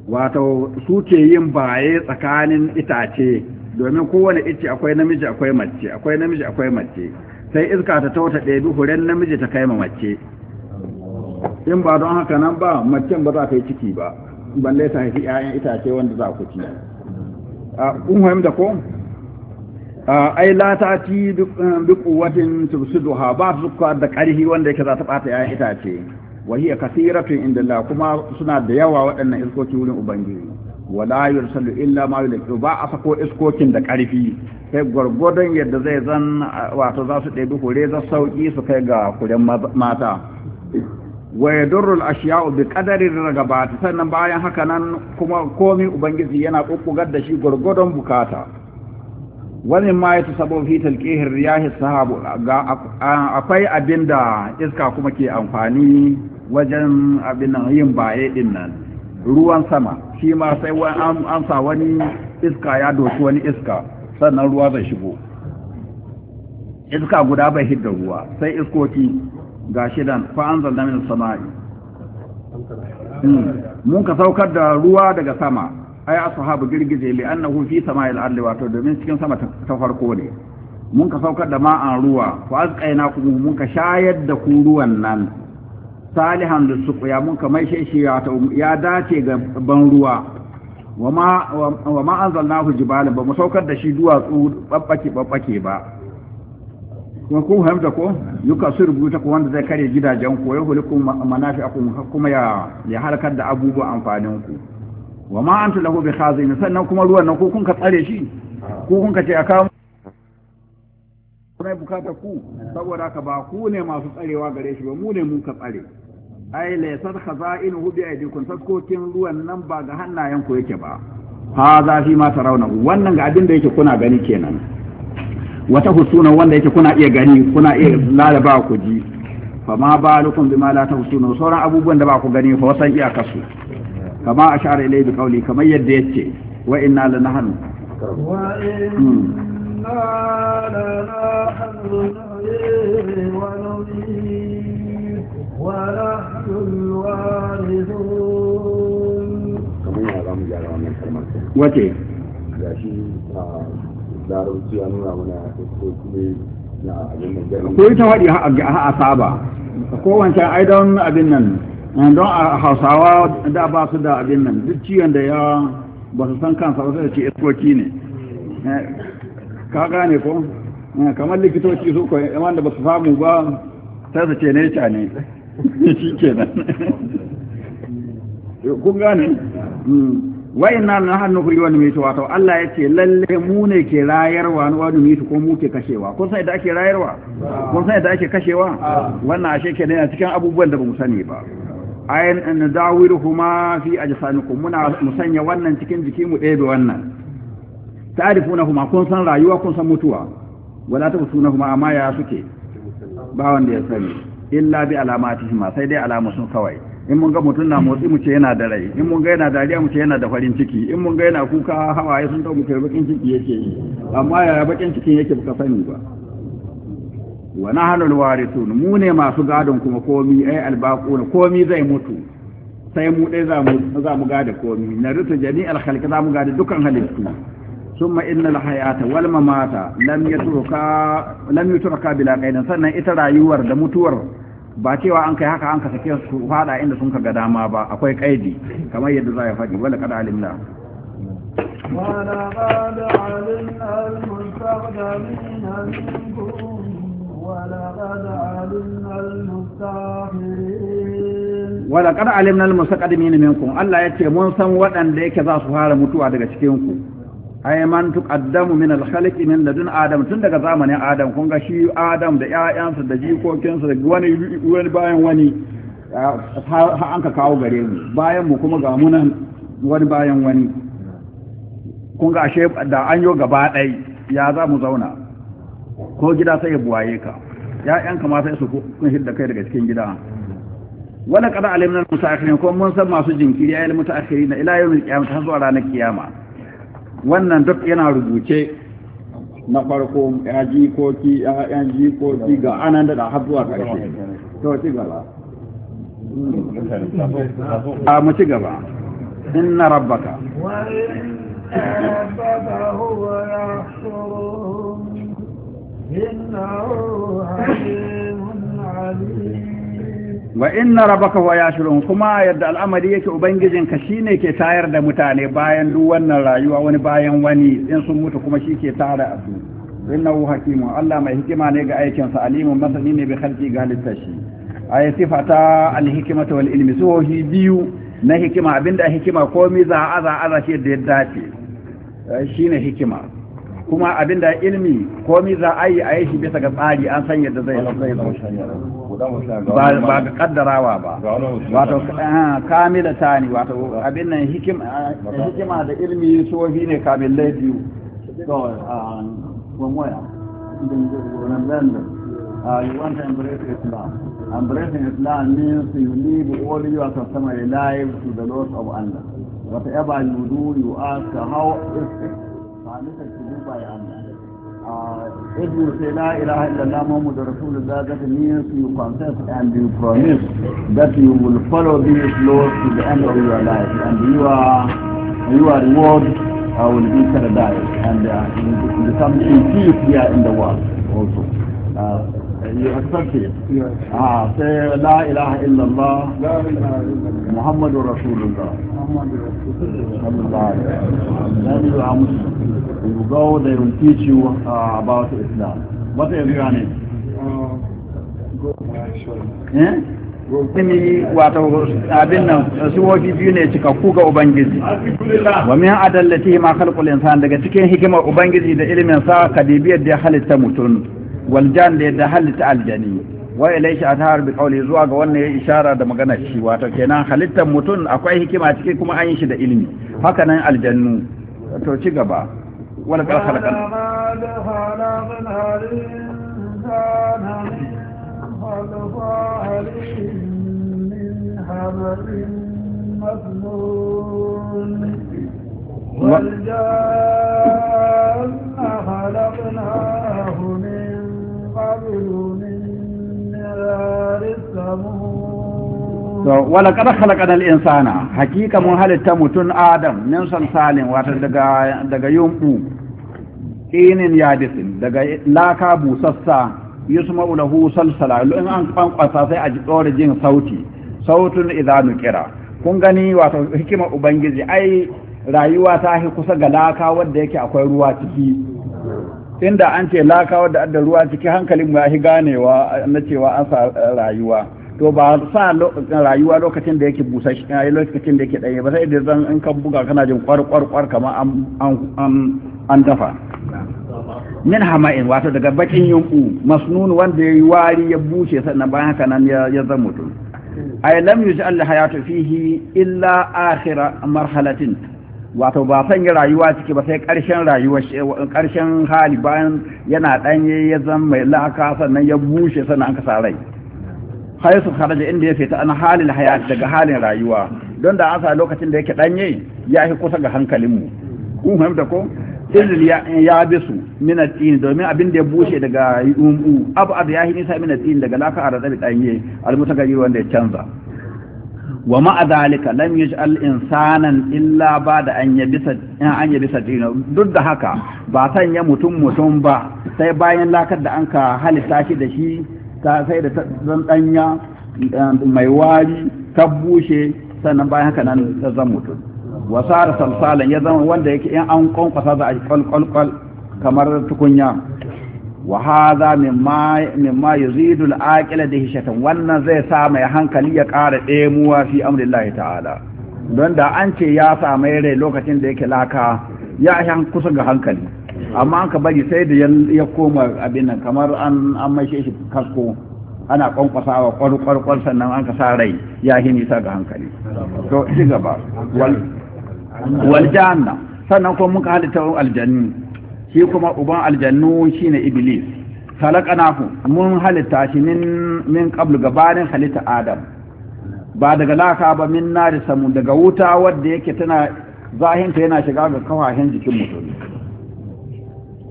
wato su ke yin baye tsakanin itace domin kowane ice akwai namiji akwai mace akwai namiji akwai mace sai iska ta tauta ɗaya huren namiji ta kai ma mace in ba don haka nan ba macen ba za ta yi ciki ba balle ta haifi 'ya'yan itace wanda za ku ci kun fahimta ko ai la ta ti bi quwwatin tubsiduha ba su da karhi wanda yake za ta bata 'ya'yan itace wa hiya kaseeratun inda la kuma suna da yawa waɗannan iskoki wurin ubangiji wala yursalu illa ma yulqi ba a sako iskokin da karfi sai gwargwadon yadda zai zan wato za su ɗebi hure za sauki su kai ga kuren mata wa yadurru al-ashya'u bi qadari ragabat sannan bayan haka nan kuma komi ubangiji yana kokkugar da shi gwargwadon bukata wani ma ya tasabo fi talqihir riyahi sahabu akwai abinda iska kuma ke amfani wajen abin yin baye din nan ruwan sama shi ma sai an sa wani iska ya doki wani iska sannan ruwa zai shigo iska guda bai hidda ruwa sai iskoki ga shidan fa'anzal na min sama'i hmm. mun ka saukar da ruwa daga sama ai ashabu girgije li annahu fi sama ardi wato domin cikin sama ta farko ne mun ka saukar da ma'an ruwa fa azqaina ku mun ka shayar da ku ruwan nan salihan da su ya mun kamar shi um, ya dace ga ban ruwa wa ma an zalna hu jibalin ba mu saukar da shi duwatsu babbake babbake ba kuma kun hamta ko yuka su rubuta ko wanda zai kare gidajen ko ya hulikun manafi kuma ya ya halakar da abubuwa amfanin ku wa ma an tulahu bi khazin sannan kuma ruwan nan ko kun ka tsare shi ko kun ka ce a kawo kuna bukatar ku saboda ka ba ku ne masu tsarewa gare shi ba mu ne mun ka tsare ai laysat khaza'inuhu bi aydikum faskokin ruwan nan ba ga hannayen ku yake ba hadha fi ma tarawna wannan ga abin da yake kuna gani kenan wata husuna wanda yake kuna iya gani kuna iya lalaba ku ji fa ma balukum bima la tahsunu sauran abubuwan da ba ku gani fa wasan kasu, kama ashara ilayhi bi qawli kamar yadda yace wa inna lanahnu wa hmm. inna lanahnu wa ونحن الوارثون kamar ya zamu gyara wannan kalmar wace ga shi a larabci ya nuna mana iskoki na abin da gani ko ita waɗi a saba ko wancan ai don abin nan don a hausawa da ba su da abin nan duk ciwon da ya ba su san kansa ba sai ce iskoki ne ka gane ko kamar likitoci su ko wanda ba su samu ba sai su ce ne ne shi ke nan wa inna na hannu kuri wani mitu wato Allah ya ce lalle mu ne ke rayarwa na wani mitu ko mu ke kashewa kun san da ake rayarwa kun san da ake kashewa wannan ashe ke ne cikin abubuwan da ba mu sani ba ayin an dawiruhuma fi ajsamikum muna musanya wannan cikin jiki mu ɗebe wannan ta'rifunahuma kun san rayuwa kun san mutuwa wala tabsunahuma amma ya suke ba wanda ya sani illa bi alamatihim sai dai alamu sun kawai in mun ga mutum na motsi mu ce yana da rai in mun ga yana dariya mu ce yana da farin ciki in mun ga yana kuka hawaye sun dauke bakin ciki yake yi amma yaya bakin cikin yake baka sani ba wa nahnu alwarithun mu ne masu gadon kuma komi ai albaquna komi zai mutu sai mu dai za mu za mu gada komi na rutu jami'al khalqi za mu gada dukan halittu ثم إن الحياة والممات لم يتركا لم يتركا بلا قيد sannan ita rayuwar da mutuwar ba cewa an kai haka an ka sake su fada inda sun ka dama ba akwai kaidi kamar yadda za ya faɗi wala kada alimna ولقد علمنا المستقدمين منكم ولقد علمنا المستغفرين ولقد علمنا المستقدمين Allah ya ce mun san waɗanda yake za su fara mutuwa daga cikin ku ai man tuqaddamu min al-khalqi min ladun adam tun daga zamanin adam kun ga shi adam da ƴaƴansa da jikokinsa da wani wani bayan wani ha an ka kawo gare mu bayan mu kuma ga nan wani bayan wani kun ga ashe da an yo gaba ɗai ya za mu zauna ko gida sai ya buwaye ka ƴaƴanka ma sai su kun hidda kai daga cikin gida wala kada alimna musaakhirin ko mun san masu jinkiri ayyul mutaakhirin ila yawmil qiyamah har zuwa ranar kiyama wannan duk yana rubuce na farko ya jikoki ya jikoki ga anan da har zuwa ƙarshe to ci gaba a ah, mu ci gaba inna rabbaka إنه عليم عليم wa inna rabaka wa yashurun kuma yadda al'amari yake ubangijin ka shine ke tayar da mutane bayan duk wannan rayuwa wani bayan wani in sun mutu kuma shi ke tara su innahu hakimu Allah mai hikima ne ga aikin sa alimu masani ne bi khalqi ga littashi ayi sifata al-hikmata wal ilmi so hi biyu na hikima abinda hikima ko mi za a aza aza shi da yadda ce shine hikima kuma abinda ilmi mi za a yi a yi shi bisa ga tsari an san yadda zai zai ba ga kaddarawa ba wato kamila tani wato abin nan hikima da ilmi sofi ne kamilai biyu Uh, you want to embrace Islam. Embracing Islam means you leave all your customary life to the laws of Allah. Whatever you do, you ask how is it permitted to do by Allah. Uh, if you say La ilaha illallah Muhammad Rasulullah, that means you confess and you promise that you will follow this law to the end of your life and you are, you are reward uh, will be paradise and uh, you become in peace here in the world also. Uh, يفكر اه لا اله الا الله محمد رسول الله صلى الله عليه وسلم that is our Muslim we will go they will teach you uh, about Islam what is your name? eh? sumi wato abin nan suwofi biyu ne cikakku ga ubangiji wa min adallati ma khalqul insan daga cikin hikimar ubangiji da ilimin sa kadibiyar da ya halitta mutum waljan da yadda halitta aljani wa ilaihi athar bi qawli zuwa ga wannan ya ishara da magana shi wato kenan halittar mutum akwai hikima ciki kuma an yi shi da ilimi haka nan aljannu to ci gaba wala qad khalaqna والجان خلقناه من So, wala kada halakar al'insana hakika mun halitta mutum adam min salsalin wata daga yunɓu ƙinin yadisin daga laka busassa yusma ma'ulahu, salsala in an kwankwasa sai a ji jin sauti sautun izanu kira kun gani wata hikima ubangiji ai rayuwa ta kusa ga laka wadda yake akwai ruwa ciki inda an ce laka da adda ruwa cikin hankalin mu yahi ganewa na cewa an sa rayuwa to ba sa rayuwa lokacin da yake busashi lokacin da yake ɗaya ba sai da zan in kan buga kana jin kwarkwarkwar kamar an dafa min hama'in wato daga bakin yunku masnun wanda ya yi wari ya bushe sannan bayan haka nan ya zama mutum ay lam yuj'al hayatu fihi illa akhira marhalatin wato ba yi rayuwa ciki ba sai ƙarshen rayuwa ƙarshen hali bayan yana ɗanye ya zan mai laka sannan ya bushe sannan aka sa rai har su kharaja inda ya fita an halin hayat daga halin rayuwa don da asa lokacin da yake ɗanye ya yi kusa ga hankalinmu kun fahimta ko izil ya bi su min domin abin da ya bushe daga yumbu abu abu ya yi nisa min daga laka a ratsabi ɗanye almutagari wanda ya canza wa ma'a zalika lam yaj'al insanan illa ba da an yabisa an yabisa dino duk da haka ba sanya mutum mutum ba sai bayan lakar da an ka halitta shi da shi ta sai da zan danya eh, mai wari ta bushe sannan bayan haka nan zan mutum wa sara salsalan ya zama wanda yake in an kwankwasa za a kwal kamar tukunya wa hadha mimma mimma yuzidu al-aqila dahishatan wannan zai sa mai hankali ya kara demuwa fi amrillahi ta'ala don da an ce ya sa mai rai lokacin da yake laka ya shan kusa ga hankali amma an ka bari sai da ya koma abin nan kamar an an maishe shi kasko ana kwankwasawa kwarkwarkwar sannan an ka sa rai ya yi nisa ga hankali to ci gaba wal janna sannan kuma muka halitta aljanni shi kuma uban aljannu shine iblis khalaqnahu mun halitta shi min min qabl gabanin halitta adam ba daga laka ba min nari samu daga wuta wadda yake tana zahinta yana shiga ga kawahin jikin mutum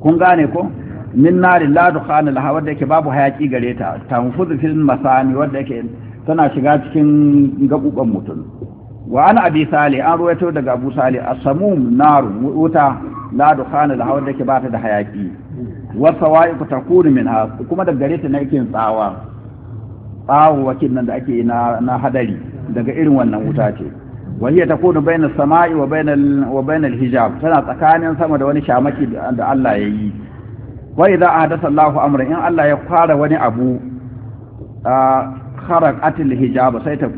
kun gane ko min nari la dukhana laha wadda yake babu hayaki gare ta tanfudu fil masani wadda yake tana shiga cikin gabuban mutum wa ana abi sali an ruwaito daga abu sali asamum naru wuta la dukhana da hawa da bata da hayaki wa sawa'iq min minha kuma da gare ta nake tsawa tsawo wakin nan da ake na na hadari daga irin wannan wuta ce wa hiya takunu bainas sama'i wa bainal wa bainal hijab tana tsakanin sama da wani shamaki da Allah ya yi wa idza ahdatha Allahu amran in Allah ya fara wani abu a kharaqatil hijab sai ta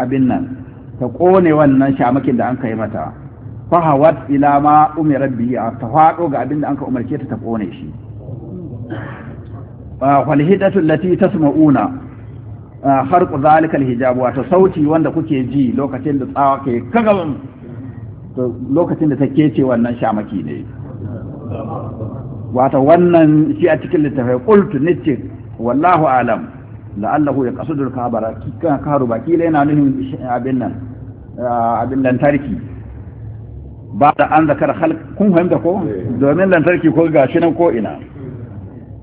abin nan ta kone wannan shamakin da an kai mata fahawat ila ma umirat bihi ta haɗo ga abin da ka umarce ta ta kone shi wal hidatu allati tasma'una harqu zalika hijabu wata sauti wanda kuke ji lokacin da tsawa ke kagaban lokacin da take ce wannan shamaki ne wata wannan shi a cikin littafai qultu nace wallahu alam la'allahu yaqsidu al-kabara kika karu baki yana nuhin abin nan abin lantarki ba da an zakar halk kun fahimta ko eh. domin lantarki ko gashi nan ko ina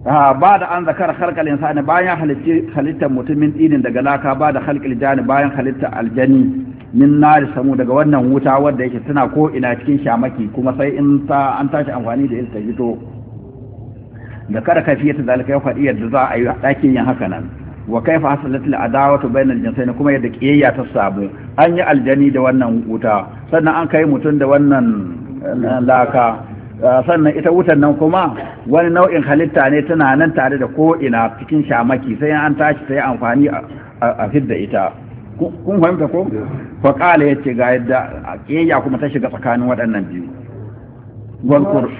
ba da an zakar halkal insani bayan halittar mutumin idin daga laka ba da halkal jani bayan halittar aljani min da samu daga wannan wuta wadda yake tana ko ina cikin shamaki kuma sai in ta an tashi amfani da ita fito da kada kafiyar ta zalika ya faɗi yadda za a yi ɗakin yin haka nan wa kaifa hasalat al'adawatu bainal jinsayn kuma yadda kiyayya ta sabu an yi aljani da wannan wuta sannan an kai mutum da wannan eh, laka eh, sannan ita wutan nan kuma wani nau'in halitta ne tana nan tare da ko ina cikin shamaki sai an tashi sai amfani a fidda ita kun fahimta ko fa qala yace ga yadda kiyayya kuma ta shiga tsakanin waɗannan biyu ربك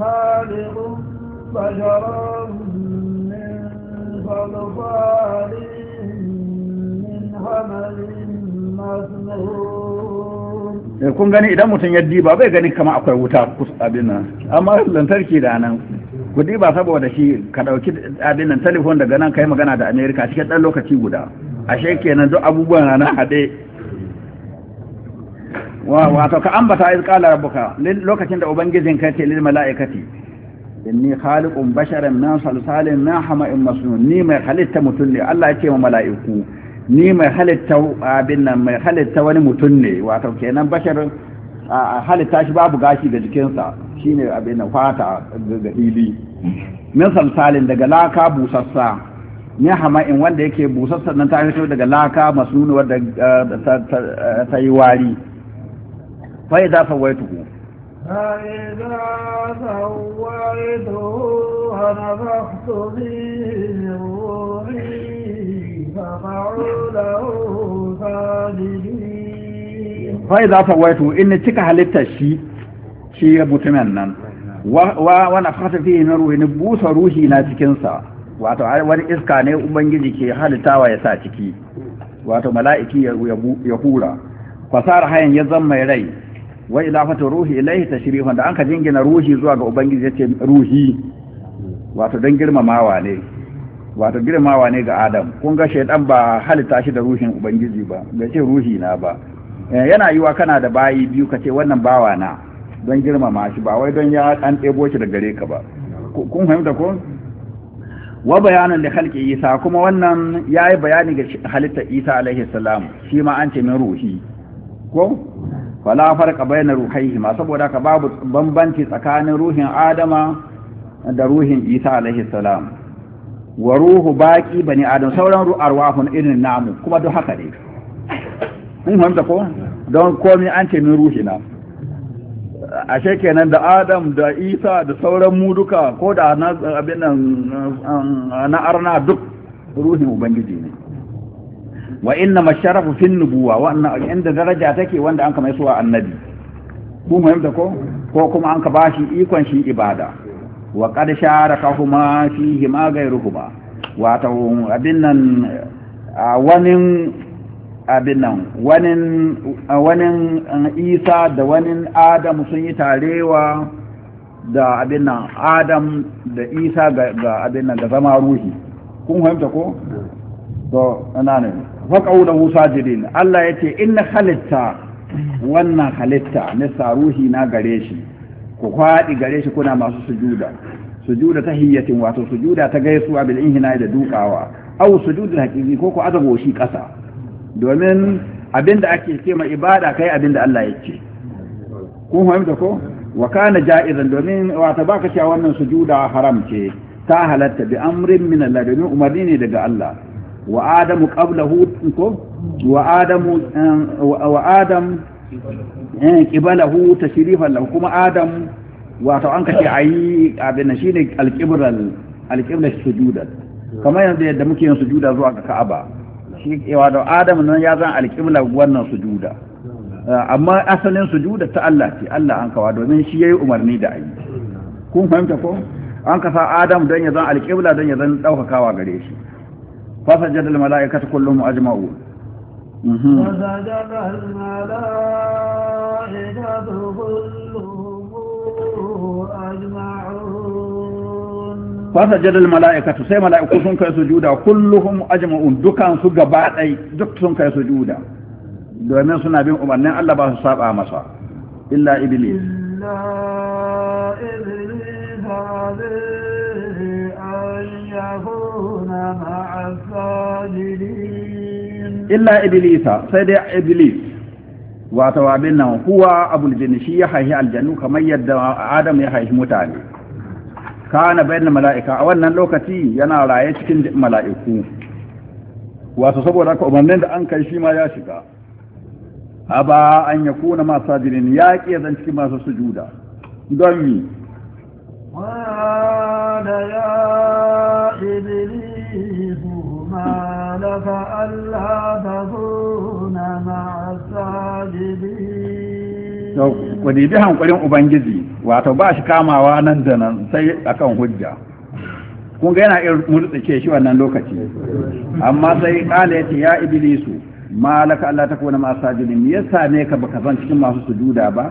خالق بشرا من صلصال من حمل مسنون kun gani idan mutum ya diba bai gani kama akwai wuta abin nan amma lantarki da nan ku diba saboda shi ka ɗauki abin nan telefon daga nan kai magana da amerika cikin dan lokaci guda ashe kenan duk abubuwan na hade wato ka ambata iz qala rabbuka lokacin da ubangijin ka ce lil malaikati inni khaliqun basharan min salsalin min hama'in masnun ni mai halitta mutun ne Allah ya ce ma mala'iku ni mai halitta abin nan mai halitta wani mutun ne wato kenan bashar halitta shi babu gashi jikin jikinsa shine abin nan fata da hili min salsalin daga laka busassa ni hama'in wanda yake busassa nan ta fito daga laka masnun wadda eh, ta yi wari fa idza sawaituhu فإذا halittashi ونفخت فيه من روحي فقعوا له ساجدين فإذا سويته إن تك هلتا شي ونفخت فيه من روحي نبوس روحي ناتكنسا wato wani iska ne ubangiji ke halittawa ya sa ciki wato mala'iki ya hura fasara hayan ya zama mai rai wa ilafatu ruhi ilaihi tashrifan da anka jingina ruhi zuwa ga ubangiji yace ruhi wato dan girmamawa ne wato girmamawa ne ga adam kun ga shaydan ba halitta shi da ruhin ubangiji ba bai ce ruhi na ba eh, yana yiwa kana da bayi biyu kace wannan bawa na don girmama shi ba wai don ya an ɗebo shi da gare ka ba kun fahimta ko wa bayanan da halki isa kuma wannan ya yi bayani ga halittar isa alaihi salam shi ma an ce min ruhi ko fala farqa bayna ruhayhima saboda ka babu bambanci tsakanin ruhin adama da ruhin isa alaihi salam wa ruhu baqi bani adam sauran arwahun irin namu kuma duk haka ne mun fahimta ko don komai an ce min ruhi na ashe kenan da adam da isa da sauran mu duka ko da na abin nan na arna duk ruhin ubangiji ne wa inna masharafu fin nubuwa wannan inda daraja take wanda an ka mai suwa annabi ku fahimta ko ko kuma an ka bashi ikon shi ibada wa qad huma fi hima ghayruhuma wato abin nan wani abin nan wanin wanin Isa da wanin Adam sun yi tarewa da abin nan Adam da Isa ga abin nan da zama ruhi kun fahimta ko to ana ne faƙau da musa jirin Allah ya ce in halitta wannan halitta na saruhi na gare shi ku faɗi gare shi kuna masu sujuda sujuda ta hiyyatin wato sujuda ta gaisuwa bil inhina da dukawa au sujuda hakiki ko ku azabo shi ƙasa domin abinda ake ce ma ibada kai abinda Allah ya ce kun fahimta ko wa kana ja'izan domin wata baka cewa wannan sujuda haram ce ta halatta bi amrin min Allah domin umarni ne daga Allah wa adamu qablahu ko wa adamu eh, wa eh, kuma adam wato an ayi abin shine alqibral alqibla sujudan kamar yanzu yadda muke yin sujuda zuwa Ka'aba adam ya zan wannan eh, amma asalin sujuda ta Allah ce Allah an domin shi yayi umarni da ayi kun fahimta ko an kasa adam don ya zan alƙibla don ya zan daukakawa gare shi فسجد الملائكة كلهم أجمعون فسجد الملائكة كلهم أجمعون فسجد الملائكة سي ملائكة سنك سجودا كلهم أجمعون دكان سجبات أي دك سنك سجودا domin suna bin umarnin Allah ba su saba masa illa iblis illa iblis illa iblisa sai dai iblis wato abin nan huwa abul jinni shi ya haihi aljannu kamar yadda adam ya haihi mutane kana bayan mala'ika a wannan lokaci yana raye cikin mala'iku wato saboda ka umarnin da an kai shi ma ya shiga a an yi kuna masu sajirin ya zan cikin masu sujuda don yi قال يا إبليس ما لك ألا تكون مع الساجدين ودي ubangiji wato ba shi kamawa nan da nan sai akan hujja kun ga yana irin murtsike shi wannan lokaci amma sai kala ce ya iblisu malaka Allah ta kuna masu sajidin me yasa ne ka baka zan cikin masu sujuda ba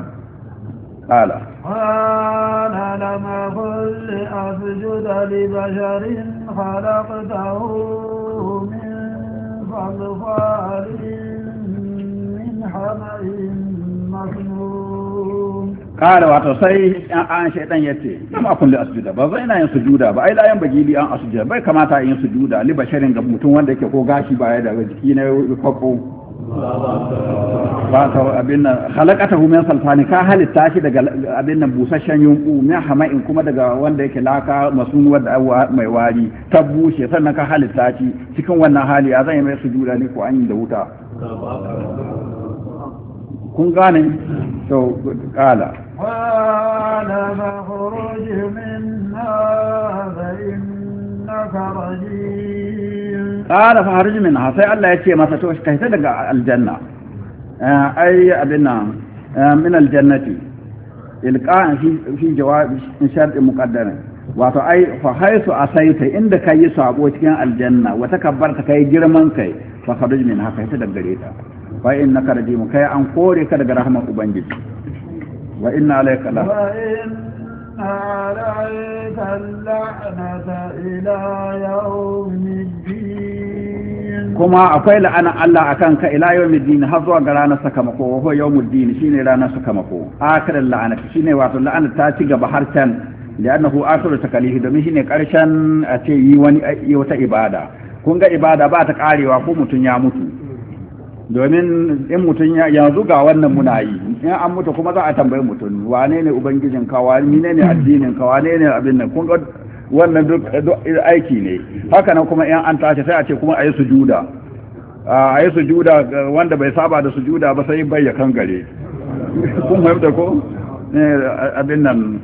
ta'ala. Wàhánà da mọ̀ kúrò a fi jù dalí bàṣarín fàdákùtà hùmín fàlùfàárín min Kare wato sai an shaitan ya ce, "Na makon da sujuda ba zai na yin sujuda ba, ai layan baji liyan a sujuda bai kamata a yin sujuda, li bashirin ga mutum wanda yake ko gashi baya da jiki na kwakwo." ba ka abin nan hu min salfani ka halitta shi daga abin nan busasshen yunku min hama'in kuma daga wanda yake laka masun wanda mai wari ta bushe sannan ka halitta shi cikin wannan hali ya zan yi mai sujuda ne ko an yi da wuta kun gane to kala qala khuruj minna fa innaka rajim qala fa harij minha sai Allah ya ce masa to ka fita daga aljanna eh, ai abin nan eh, min aljannati ilqa'an fi fi jawab shart muqaddara wato ai fa haisu asaita inda kai sabo cikin aljanna wa takabbarta kai girman kai fa harij minha ka fita daga gare ta fa innaka rajim kai an kore ka daga rahmar ubangiji wa inna alayka la عليك اللعنة إلى يوم الدين كما أقول أنا الله أكانك إلى يوم الدين هذا أقول أنا سكمكو وهو يوم الدين شين إلى أنا سكمكو آخر اللعنة شين وعطل اللعنة تاتيك بحرشا لأنه آخر تكاليه دمي شين قرشا أتي يواني أي وتا إبادة kun ga ibada ba ta karewa ko mutum domin in mutum yanzu ga wannan muna yi in an mutu kuma za a tambayi mutum wane ne ubangijin ka ne ne addinin ka ne ne abin nan kun wannan duk aiki ne haka nan kuma in an tashi sai a ce kuma a yi sujuda a yi sujuda wanda bai saba da sujuda ba sai bayya kan gare kun fahimta ko eh, abin nan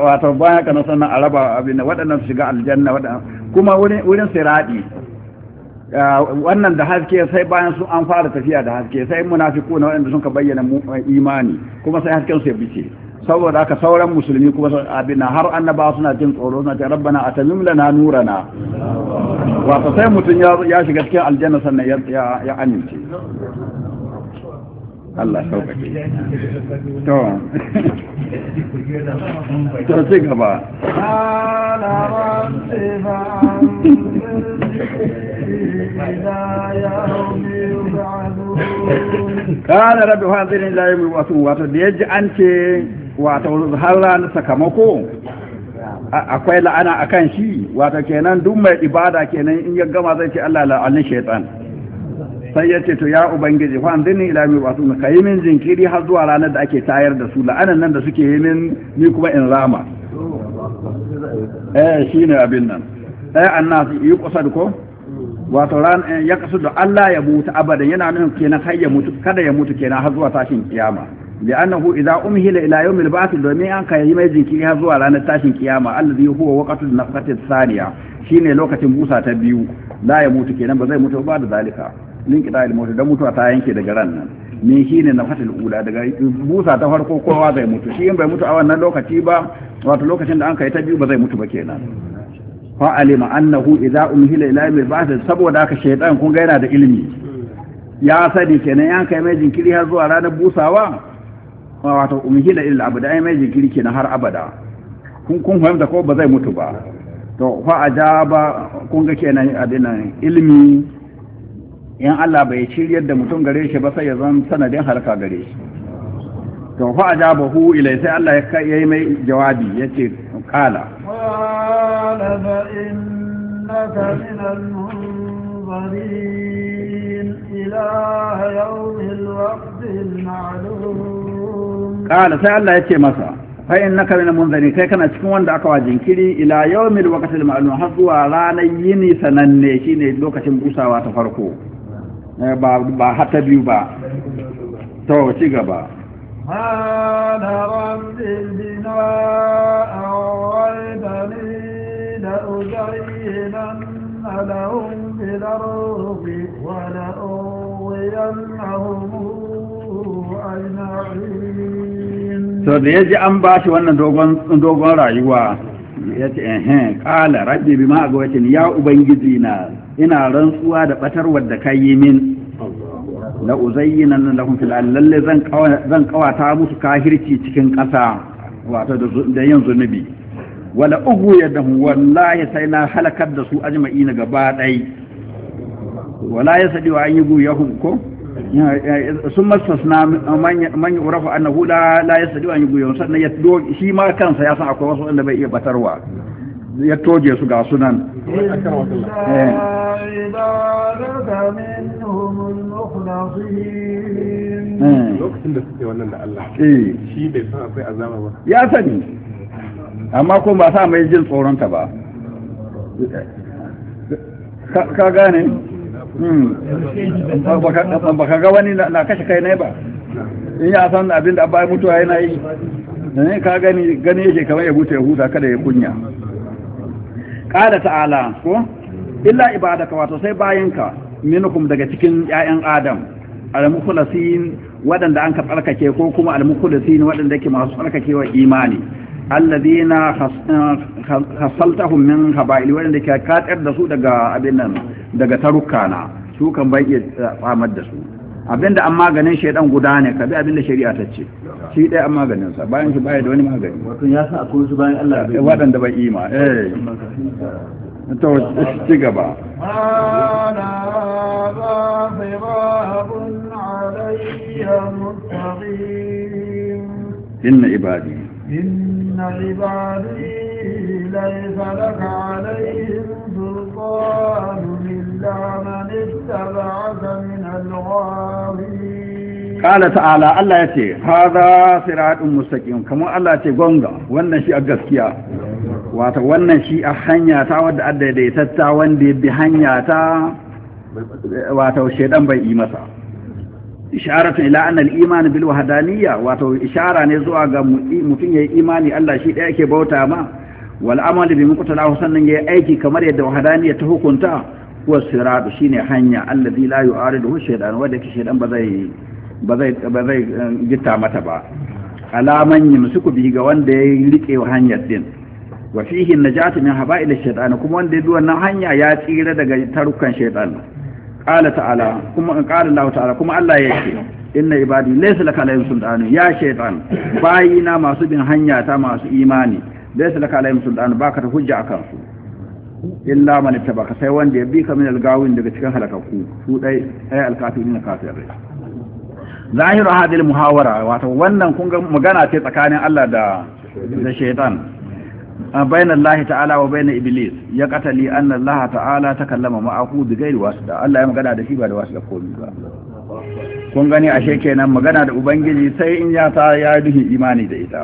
wato bayan kana sannan araba abin nan waɗannan su shiga aljanna waɗannan kuma wurin siradi wannan da haske sai bayan sun an fara tafiya da haske sai munafiku na wanda suka bayyana eh, imani kuma sai hasken su ya bice saboda haka sauran musulmi kuma abin har annaba suna jin tsoro suna ta rabbana atamim lana nurana wato sai mutum ya shiga cikin aljanna sannan ya amince Allah sauƙaƙe to to ci gaba kana rabbi hadirin layi mai wasu wato da yaji an ce wato har na sakamako akwai la'ana a kan shi wato kenan duk mai ibada kenan in ya gama zai ce Allah la'anin shaitan sai ya ce to ya ubangiji fa andini ila mi wasu ka yi min jinkiri har zuwa ranar da ake tayar da su la'anan nan da suke yi min ni kuma in rama eh ne abin nan eh annasu yi kusa da ko wato ran eh, ya kasu da Allah ya mutu abadan yana nan kenan har ya mutu kada ya mutu kenan har zuwa tashin kiyama li'annahu idza umhila ila yawm al-ba'th domin an kai mai jinkiri har zuwa ranar tashin kiyama alladhi huwa waqtu an-nafqati ath-thaniya shine lokacin busa ta biyu la ya mutu kenan ba zai mutu ba da dalika. min qita'il mawt don mutuwa ta yanke daga ran nan min shine nafatul ula daga busa ta farko kowa zai mutu shi in bai mutu a wannan lokaci ba wato lokacin da an kai ta biyu ba zai mutu ba kenan fa alima annahu idza umhila ila yawmil ba'th saboda haka shaytan kun ga yana da ilimi ya sani kenan yan kai mai jinkiri har zuwa ranar busawa wato umhila ila abada ai mai jinkiri kenan har abada kun kun fahimta ko ba zai mutu ba to fa ajaba kun ga kenan adina ilimi in Allah bai shiryar da mutum gare shi ba sai ya zan sanadin harka gare shi to fa ajabahu ilai sai Allah ya yi mai jawabi yace qala qala fa innaka min al-munzirin ila yawm al-waqt al-ma'lum kala sai Allah yace masa fa innaka min al-munzirin kai kana cikin wanda aka wa jinkiri ila yawm al-waqt al-ma'lum har zuwa ranar yini sananne shine lokacin busawa ta farko Eh, ba hata biyu ba to ci gaba ma da rabin dina a wai da ni da ugari nan alahun bidar rufi wa da owayen ahunmu so da ya ji an ba shi wannan dogon rayuwa ya ce ehem kala rabbi bi ma a gwacin ya ubangiji na ina rantsuwa da batarwar da ka yi min la uzayyinan lahum fil lalle zan zan kawata musu kahirci cikin ƙasa wato da yin zunubi wala ugu yadahu wallahi sai na halakar da su ajma'ina gaba ɗai wala yasdi wa an yugu yahum ko sun mastasna man yi urafa annahu la la yasdi wa an yugu yahum sannan ya shi ma kansa ya san akwai wasu wanda bai iya batarwa ya toje su ga sunan eh. nan. Eh. ya sani amma ko ba sa mai jin tsoronta ba ka gane hmm. ba ka ga wani na kashe kai ne ba in ya san abin da abba mutuwa yana yi eh, ka gani gani yake kamar ya buta ya huta kada ya kunya qala ta'ala ko illa ibadaka wato sai bayanka minukum daga cikin 'ya'yan adam al-mukhlasin waɗanda an ka tsarkake ko kuma al-mukhlasin waɗanda yake masu tsarkakewa imani alladhina eh, khasaltahum min haba'il waɗanda ke katsar da su daga abin nan daga tarukkana su kan bai iya tsamar da su abinda an maganin shaidan guda ne kabi abinda shari'a ta ce shi ɗaya an maganin sa bayan shi baya da wani magani wato ya sa akwai su bayan Allah eh, bai waɗanda bai ima eh, eh. ta ci gaba inna ibadi إن عبادي ليس لك عليهم سلطان إلا من اتبعك من الغاوين قال تعالى الله يتي هذا صراط مستقيم كما الله يتي غونغا wannan shi a gaskiya wato wannan shi a hanya ta wadda adadai daidaitatta wanda ya bi hanya ta wato shaidan bai yi masa isharatu ila anna al-iman bil wahdaniyya wato ishara ne zuwa ga mutum yayi imani Allah shi daya yake bauta ma wal amal bi muqtalahu sannan yi aiki kamar yadda wahdaniyya ta hukunta huwa siratu shine hanya alladhi la yu'aridu shaytan wanda ke shaytan ba zai ba zai ba zai eh, gitta mata ba alaman yimsuku bi ga wanda ya rike hanyar din wa fihi najatu min haba'il shaytan kuma wanda ya bi hanya ya tsira daga tarukan shaytan qala ta'ala kuma qala Allah ta'ala kuma Allah ya yake inna ibadi laysa laka alayhim sultan ya shaytan bayina masu bin hanya ta masu imani laysa laka alayhim sultan baka ta hujja akan su illa man ittabaka sai wanda ya bi ka min algawin daga cikin halakakku su dai ai alkafirin kafirai zahiru hadhihi muhawara wato wannan kun ga magana ce tsakanin Allah da da shaytan bayan Allah ta'ala wa bayan iblis ya katali an Allah ta'ala ta kallama ma'ahu bi gairi wasu da Allah ya magana da shi ba da wasu da komi ba kun gani ashe kenan magana da ubangiji sai in ya ta ya duhi imani da ita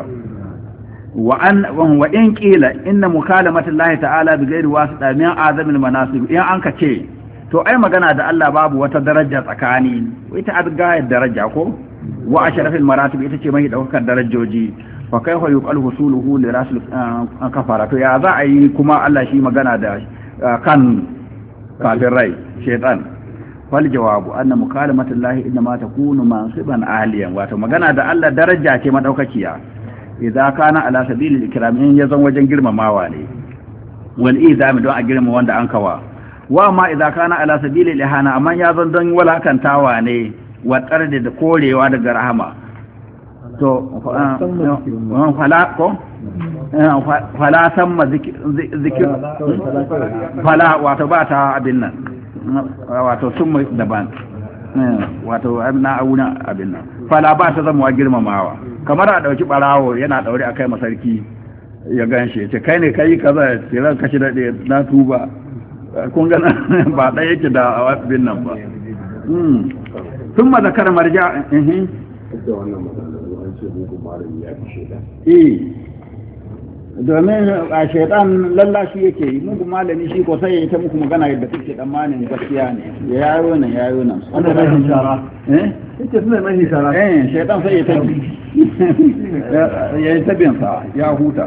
wa an wa in qila inna mukalamata Allah ta'ala bi gairi wasu da min azamil manasib in an ka ce to ai magana da Allah babu wata daraja tsakani ita adga daraja ko wa asharafil maratib ita ce mai daukar darajoji fa kai fa yuqal husuluhu li rasul ah, kafara to ya za a yi kuma Allah shi magana da ah, kan kafin rai shaytan fal jawabu anna mukalamatu Allah inna ma takunu mansiban aliyan wato magana da Allah daraja ce madaukakiya idza kana ala sabilil ikram in yazan wajen girmamawa ne wal izami don a girma wanda an kawa wa ma idza kana ala sabilil ihana amma yazan don walakantawa ne wa tarde da korewa daga rahama to fala ah, ah, ko eh, ah, fala samma hmm? zikir fala wato ba ta abin nan wato summa daban eh, wato na auna abin nan fala ba ta zama girmamawa kamar a ɗauki ɓarawo yana ɗaure a kai masarki ya ganshi ya ce kai ne kai kaza ce ran kashi daɗe na tuba eh, kun gana ba ɗaya yake da abin nan ba sun ma zakar marja ce muku malami ya fi shaidan. Eh, domin a shaidan lallashi yake yi muku malami shi ko sai ya ta muku magana yadda kuke dan damanin gaskiya ne ya yaro nan ya yaro nan. Wanda mai shi shara. Eh? Ita suna mai shi shara. Eh, shaidan sai ya ta Ya yi ta sa, ya huta.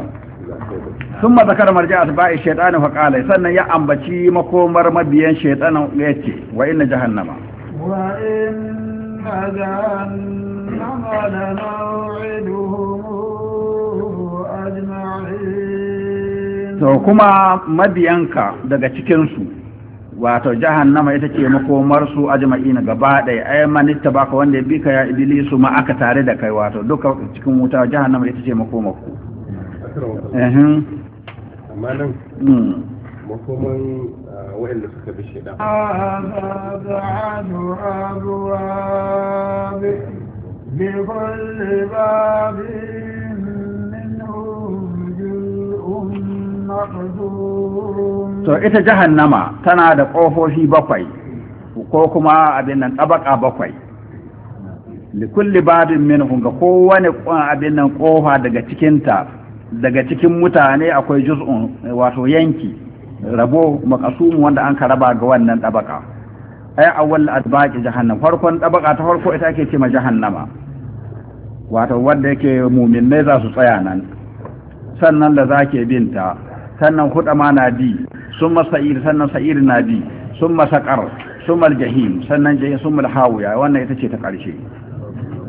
Sun ma zakar marja ba a shaidanin faƙalai sannan ya ambaci makomar mabiyan shaidanin ya ce, wa ina jahannama. Wa ina magana قال موعدهم أجمعين to kuma mabiyanka daga cikinsu wato jahannama ita ce makomarsu ajma'ina gaba ɗaya ai manista baka wanda ya bi ka ya su ma aka tare da kai wato duka cikin wuta jahannama ita ce makomarku ehin amma nan hmm. makoman ah, waɗanda suka bi shaidan لكل ita jihar nama to ita jahannama tana da ƙofofi bakwai ko kuma abin nan tsabaka bakwai likulli babin minhum ga kowane abin nan ƙofa daga cikinta daga cikin mutane akwai juz'un wato yanki rabo makasumu wanda an ka raba ga wannan tsabaka ai awwal adbaqi jahannam farkon dabaka ta farko ita ake ce ma jahannama wato wanda yake ne za su tsaya nan sannan da zake binta sannan hudama na bi summa sa'ir sannan sa'ir na bi summa saqar summa jahim sannan jahim summa hawiya wannan ita ce ta karshe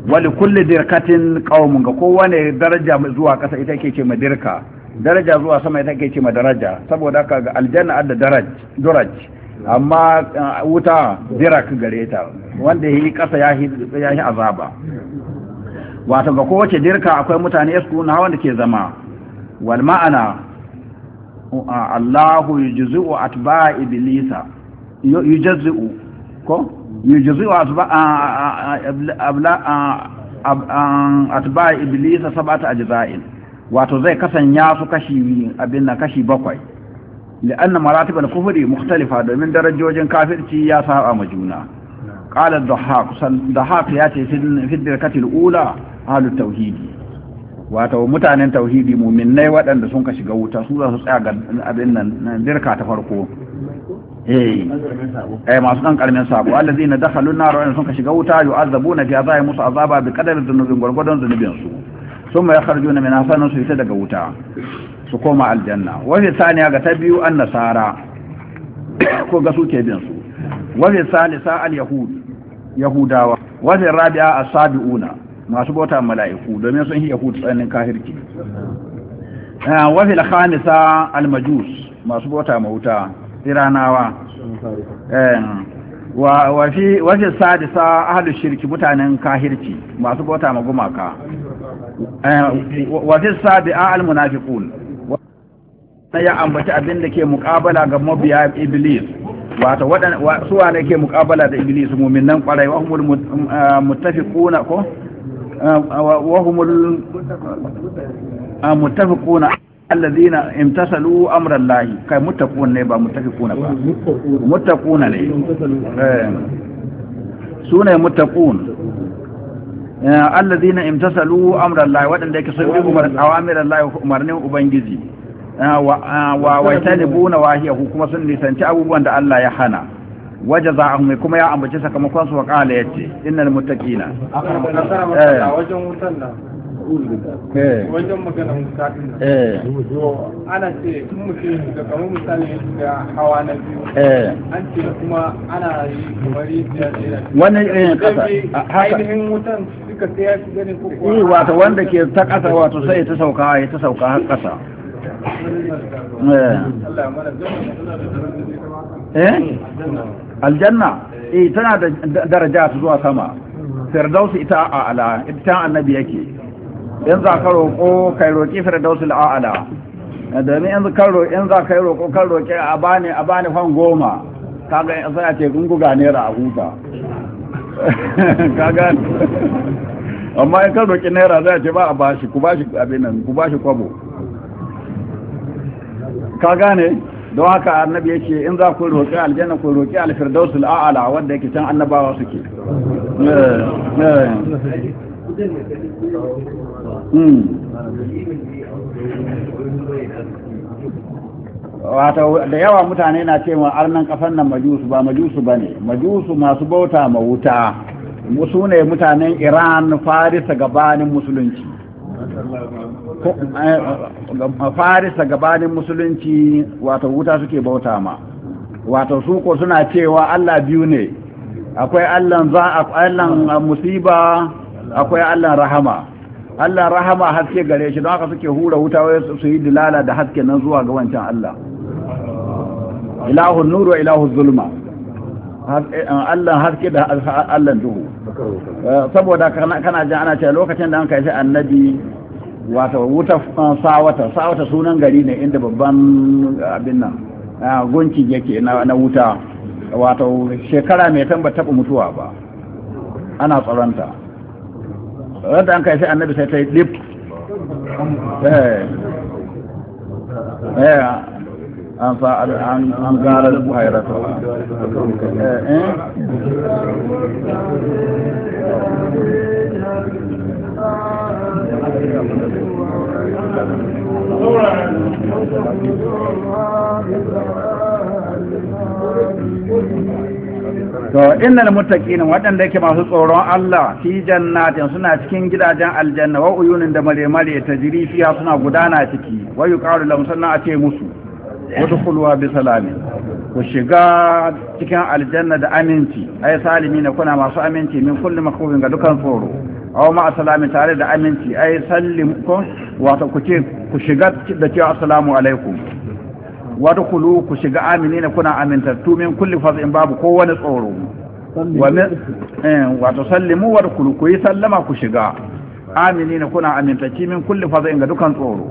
wali kulli dirkatin qaumun ga kowane daraja zuwa kasa ita ke ce dirka daraja zuwa sama ita ke ce daraja saboda ka ga aljanna adda daraj duraj amma uh, wuta ka gare ta wanda yi kasa ya yi azaba wato ga kowace dirka akwai mutane ya na wanda ke zama wal ma'ana uh, Allahu yujzi'u atba'a iblisa yujzi'u ko yujzi'u atba'a uh, iblisa sab'ata ajza'in wato zai kasanya su kashi abin na kashi bakwai لأن مراتب الكفر مختلفة من درجة كافر يا صاحب مجونا قال الضحاك الضحاك ياتي في الدركة الأولى أهل التوحيد wato mutanen tauhidi muminai waɗanda sun ka shiga wuta su za su tsaya ga abin nan dirka ta farko eh eh masu dan karmin sako allazina dakhalu nar wa sun ka shiga wuta yu'azabuna fi azabi su ثم يخرجون منها سنن su fita daga wuta su koma aljanna wani saniya ga ta biyu an nasara ko ga suke bin su wani salisa al yahud yahudawa wani rabi'a as-sabiuna masu bauta mala'iku domin sun yi yahud tsanin kahirki wani khamisa al majus masu bauta mahuta iranawa wa fi sadisa ahlus shirki mutanen kahirci masu bauta ma gumaka Eh, wa fi sabi'a al munafiqun na ya ambaci abin da ke mukabala ga mabiya iblis wato waɗanda suwa ne ke mukabala da iblis muminan kwarai wa humul eh, muttafiquna ko eh, wa humul muttafiquna alladhina imtasalu amra allahi kai muttaqun ne ba muttafiquna ba muttaquna ne sune muttaqun Eh, allazina imtasalu amrallahi wadanda yake sun umar awamirallahi umarnin ubangiji eh, wa eh, waitanibuna wahiyahu kuma sun nisanci abubuwan da Allah ya hana wajaza'ahum kuma ya ambaci sakamakon su wa qala yace innal muttaqina akan wajen wutan nan Eh. wajen maganar musafin eh. ana ce in mutum da kamar misali da hawa na biyu eh. an ce kuma ana yi kamar yadda ainihin suka wata wanda ke ta kasa wato sai ta sauka ya ta sauka har kasa eh aljanna eh tana da daraja zuwa sama firdausi ita a ala ita annabi yake in za ka roƙo kai roƙi firdausul a'ala domin in ka roƙi in za ka yi roƙo kan roƙi a bani a bani fan goma kaga sai a ce gunguga naira a huta kaga amma in kan roƙi naira za a ce ba a bashi ku bashi abin nan ku bashi kwabo ka gane don haka annabi yake in za ku roƙi aljanna ku roƙi alfirdausul a'ala wanda yake can annabawa suke eh, eh. Hmm. wato da yawa mutane na ce wa arnan kafan nan majusu ba majusu ba ne majusu masu bauta ma wuta su ne mutanen iran farisa gabanin musulunci eh, farisa gabanin musulunci wato wuta suke bauta ma wato su ko suna cewa allah biyu ne akwai allah musiba akwai allah rahama Allah rahama haske gare shi don haka suke hura wuta wai su yi dilala da haske nan zuwa ga wancan Allah ilahun nuru wa ilahun zulma eh, Allah haske da Allah duhu saboda kana jin ana cewa lokacin da an kai sai annabi wato wuta eh, sawata sawata sunan gari ne inda babban eh, abin nan gunki yake na wuta wato shekara mai tambata mutuwa ba ana tsaronta wanda an kai sai annabi sai ta yi lip eh an fa'al an an gara buhairata eh Thank you. to innal muttaqina waɗanda yake masu tsoron Allah fi jannatin suna cikin gidajen aljanna wa uyunin da mare mare jiri fiya suna gudana ciki wa yuqalu lahum sannan ake musu musu wadkhuluha bi salamin ku shiga cikin aljanna da aminci ay salimina kuna masu aminci min kulli makhubin ga dukan tsoro aw ma salamin tare da aminci ay sallimkum wa wato ku ce ku shiga da cewa assalamu alaikum wata kulu ku shiga amini ne kuna amintattu min kulli fasin babu ko wani tsoro eh, wato sallimu wata kulu ku yi sallama ku shiga amini ne kuna amintacci min kulli fasin ga dukan tsoro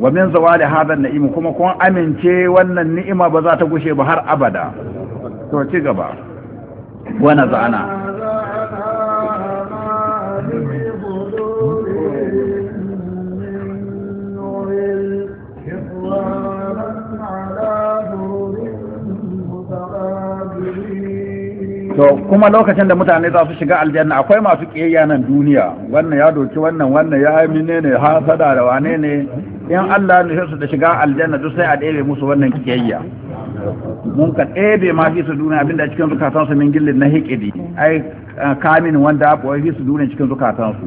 wa min zawali hadha na'im kuma kun amince wannan ni'ima ba za ta gushe ba har abada to ci gaba wa nazana to kuma lokacin da mutane za su shiga aljanna akwai masu kiyayya nan duniya wannan ya doki wannan wannan ya mine ne ha sada da wane ne in Allah nufi su da shiga aljanna duk sai a ɗebe musu wannan kiyayya mun ka ɗebe ma fi su duniya abinda cikin zukatan su min gillin na hikidi ai kamin wanda abuwa fi su duniya cikin zukatan su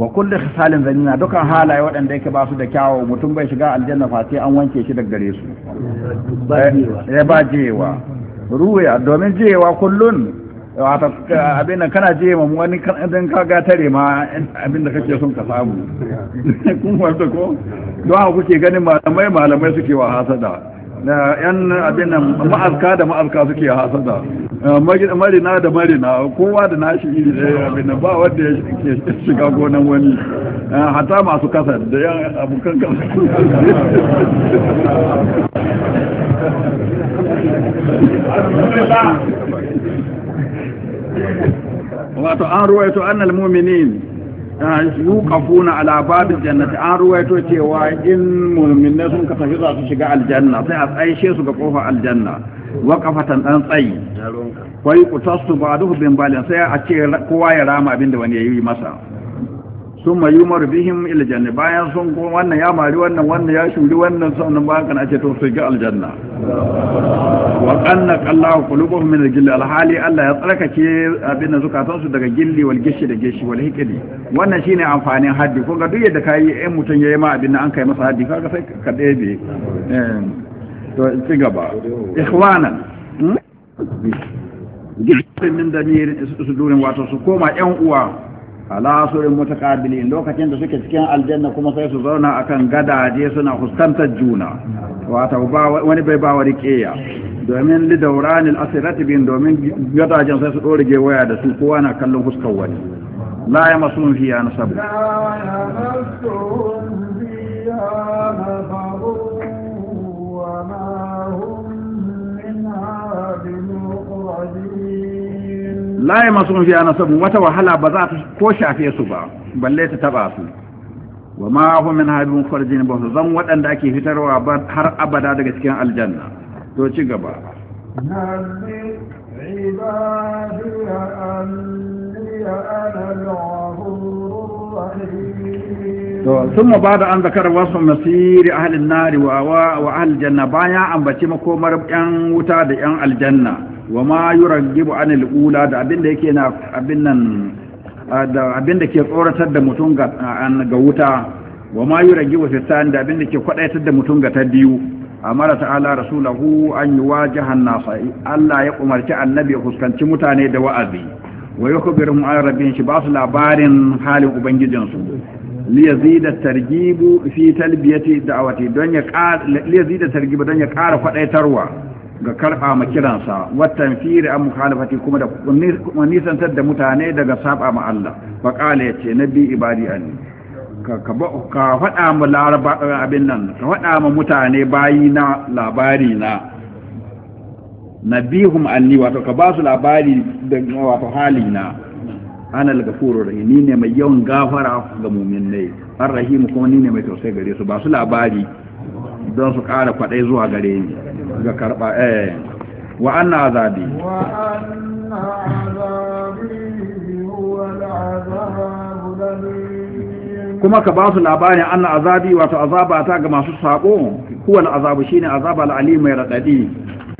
wa kullu khisalin zanina dukan halaye waɗanda yake ba su da kyawu mutum bai shiga aljanna fa sai an wanke shi daga gare su ba jewa Ruwa eh, domin jewa kullun wata abin da kana je ma wani kanadin kaga tare ma abin da kake son ka samu kun fahimta ko don haka kuke ganin malamai malamai suke wa hasada na yan abin nan ma'azka da ma'azka suke hasada marina da marina kowa da nashi iri da abin nan ba wanda ya shiga gonan wani hata masu kasa da yan abokan kasa wato an ruwaito annal mu'minin ah, yuqafuna ala babil jannati an ruwaito cewa in mu'minai sun ka tafi za su shiga aljanna sai a tsaishe su ga kofar aljanna waqafatan dan tsayi wai kutastu ba bin balin sai a ce kowa ya rama abinda wani yayi masa sun mayu bihim ila bayan sun kuma wannan ya mari wannan wannan ya shuri wannan sannan ba kana ce to su ga aljanna wa qanna qallahu qulubuhum min al-gill al-hali Allah ya tsarkake abin zukatan su daga gilli wal gishi da gishi wal hiqdi wannan shine amfanin haddi ko ga duk yadda kai ai mutun yayi ma abin an kai masa haddi kaga sai ka ɗebe to ci gaba ikhwanan hmm? min damir su durin wato su koma yan uwa ala surin mutakabilin lokacin da suke cikin aljanna kuma sai su zauna akan gadaje suna fuskantar juna wata wani bai bawa riƙeya domin lidaurani asiratibin bin domin gadajen sai su ɗorige waya da su kowa na kallon fuskar wani la ya masu fiya na sabu la masu mafiya na sabu wata wahala ba za ta ko shafe su ba balle ta taba su wa ma hu min habibun farjin ba su zan waɗanda ake fitarwa har abada daga cikin aljanna to ci gaba to sun ba da an zakar wasu masiri ahalin nari wa ahalin janna bayan ambaci makomar 'yan wuta da 'yan aljanna wa ma yuraggibu anil ula da abinda yake na abin nan da abinda ke tsoratar da mutum ga ga wuta wa ma yuraggibu fitan da abinda ke kwadaitar da mutum ga ta biyu amara ta'ala rasulahu an yuwajihan nas Allah ya umarci annabi ya fuskanci mutane da wa'azi wa yukhbiruhum an rabbihim shi ba su labarin halin ubangijinsu liyazida targibu fi talbiyati da'awati don ya ƙara liyazida targibu don ya ƙara kwadaitarwa ga karfa ma kiransa watan firi an mukhalafati kuma da nisantar da mutane daga saba ma Allah fa qala yace nabi ibadi an ka ka faɗa ma laraba abin nan ka faɗa ma mutane bayi na labari na nabihum anni wato ka ba su labari da wato hali na ana al-ghafurur da ni ne mai yawan gafara ga mu'minai ar rahimu kuma ni ne mai tausayi gare su ba su labari don su ƙara kwaɗai zuwa gare ni ga karba eh wa anna azabi wa anna azabi huwa al'azab kuma ka ba su labarin anna azabi wato azaba ta ga masu sako huwa al'azab shine azaba al'alim mai radadi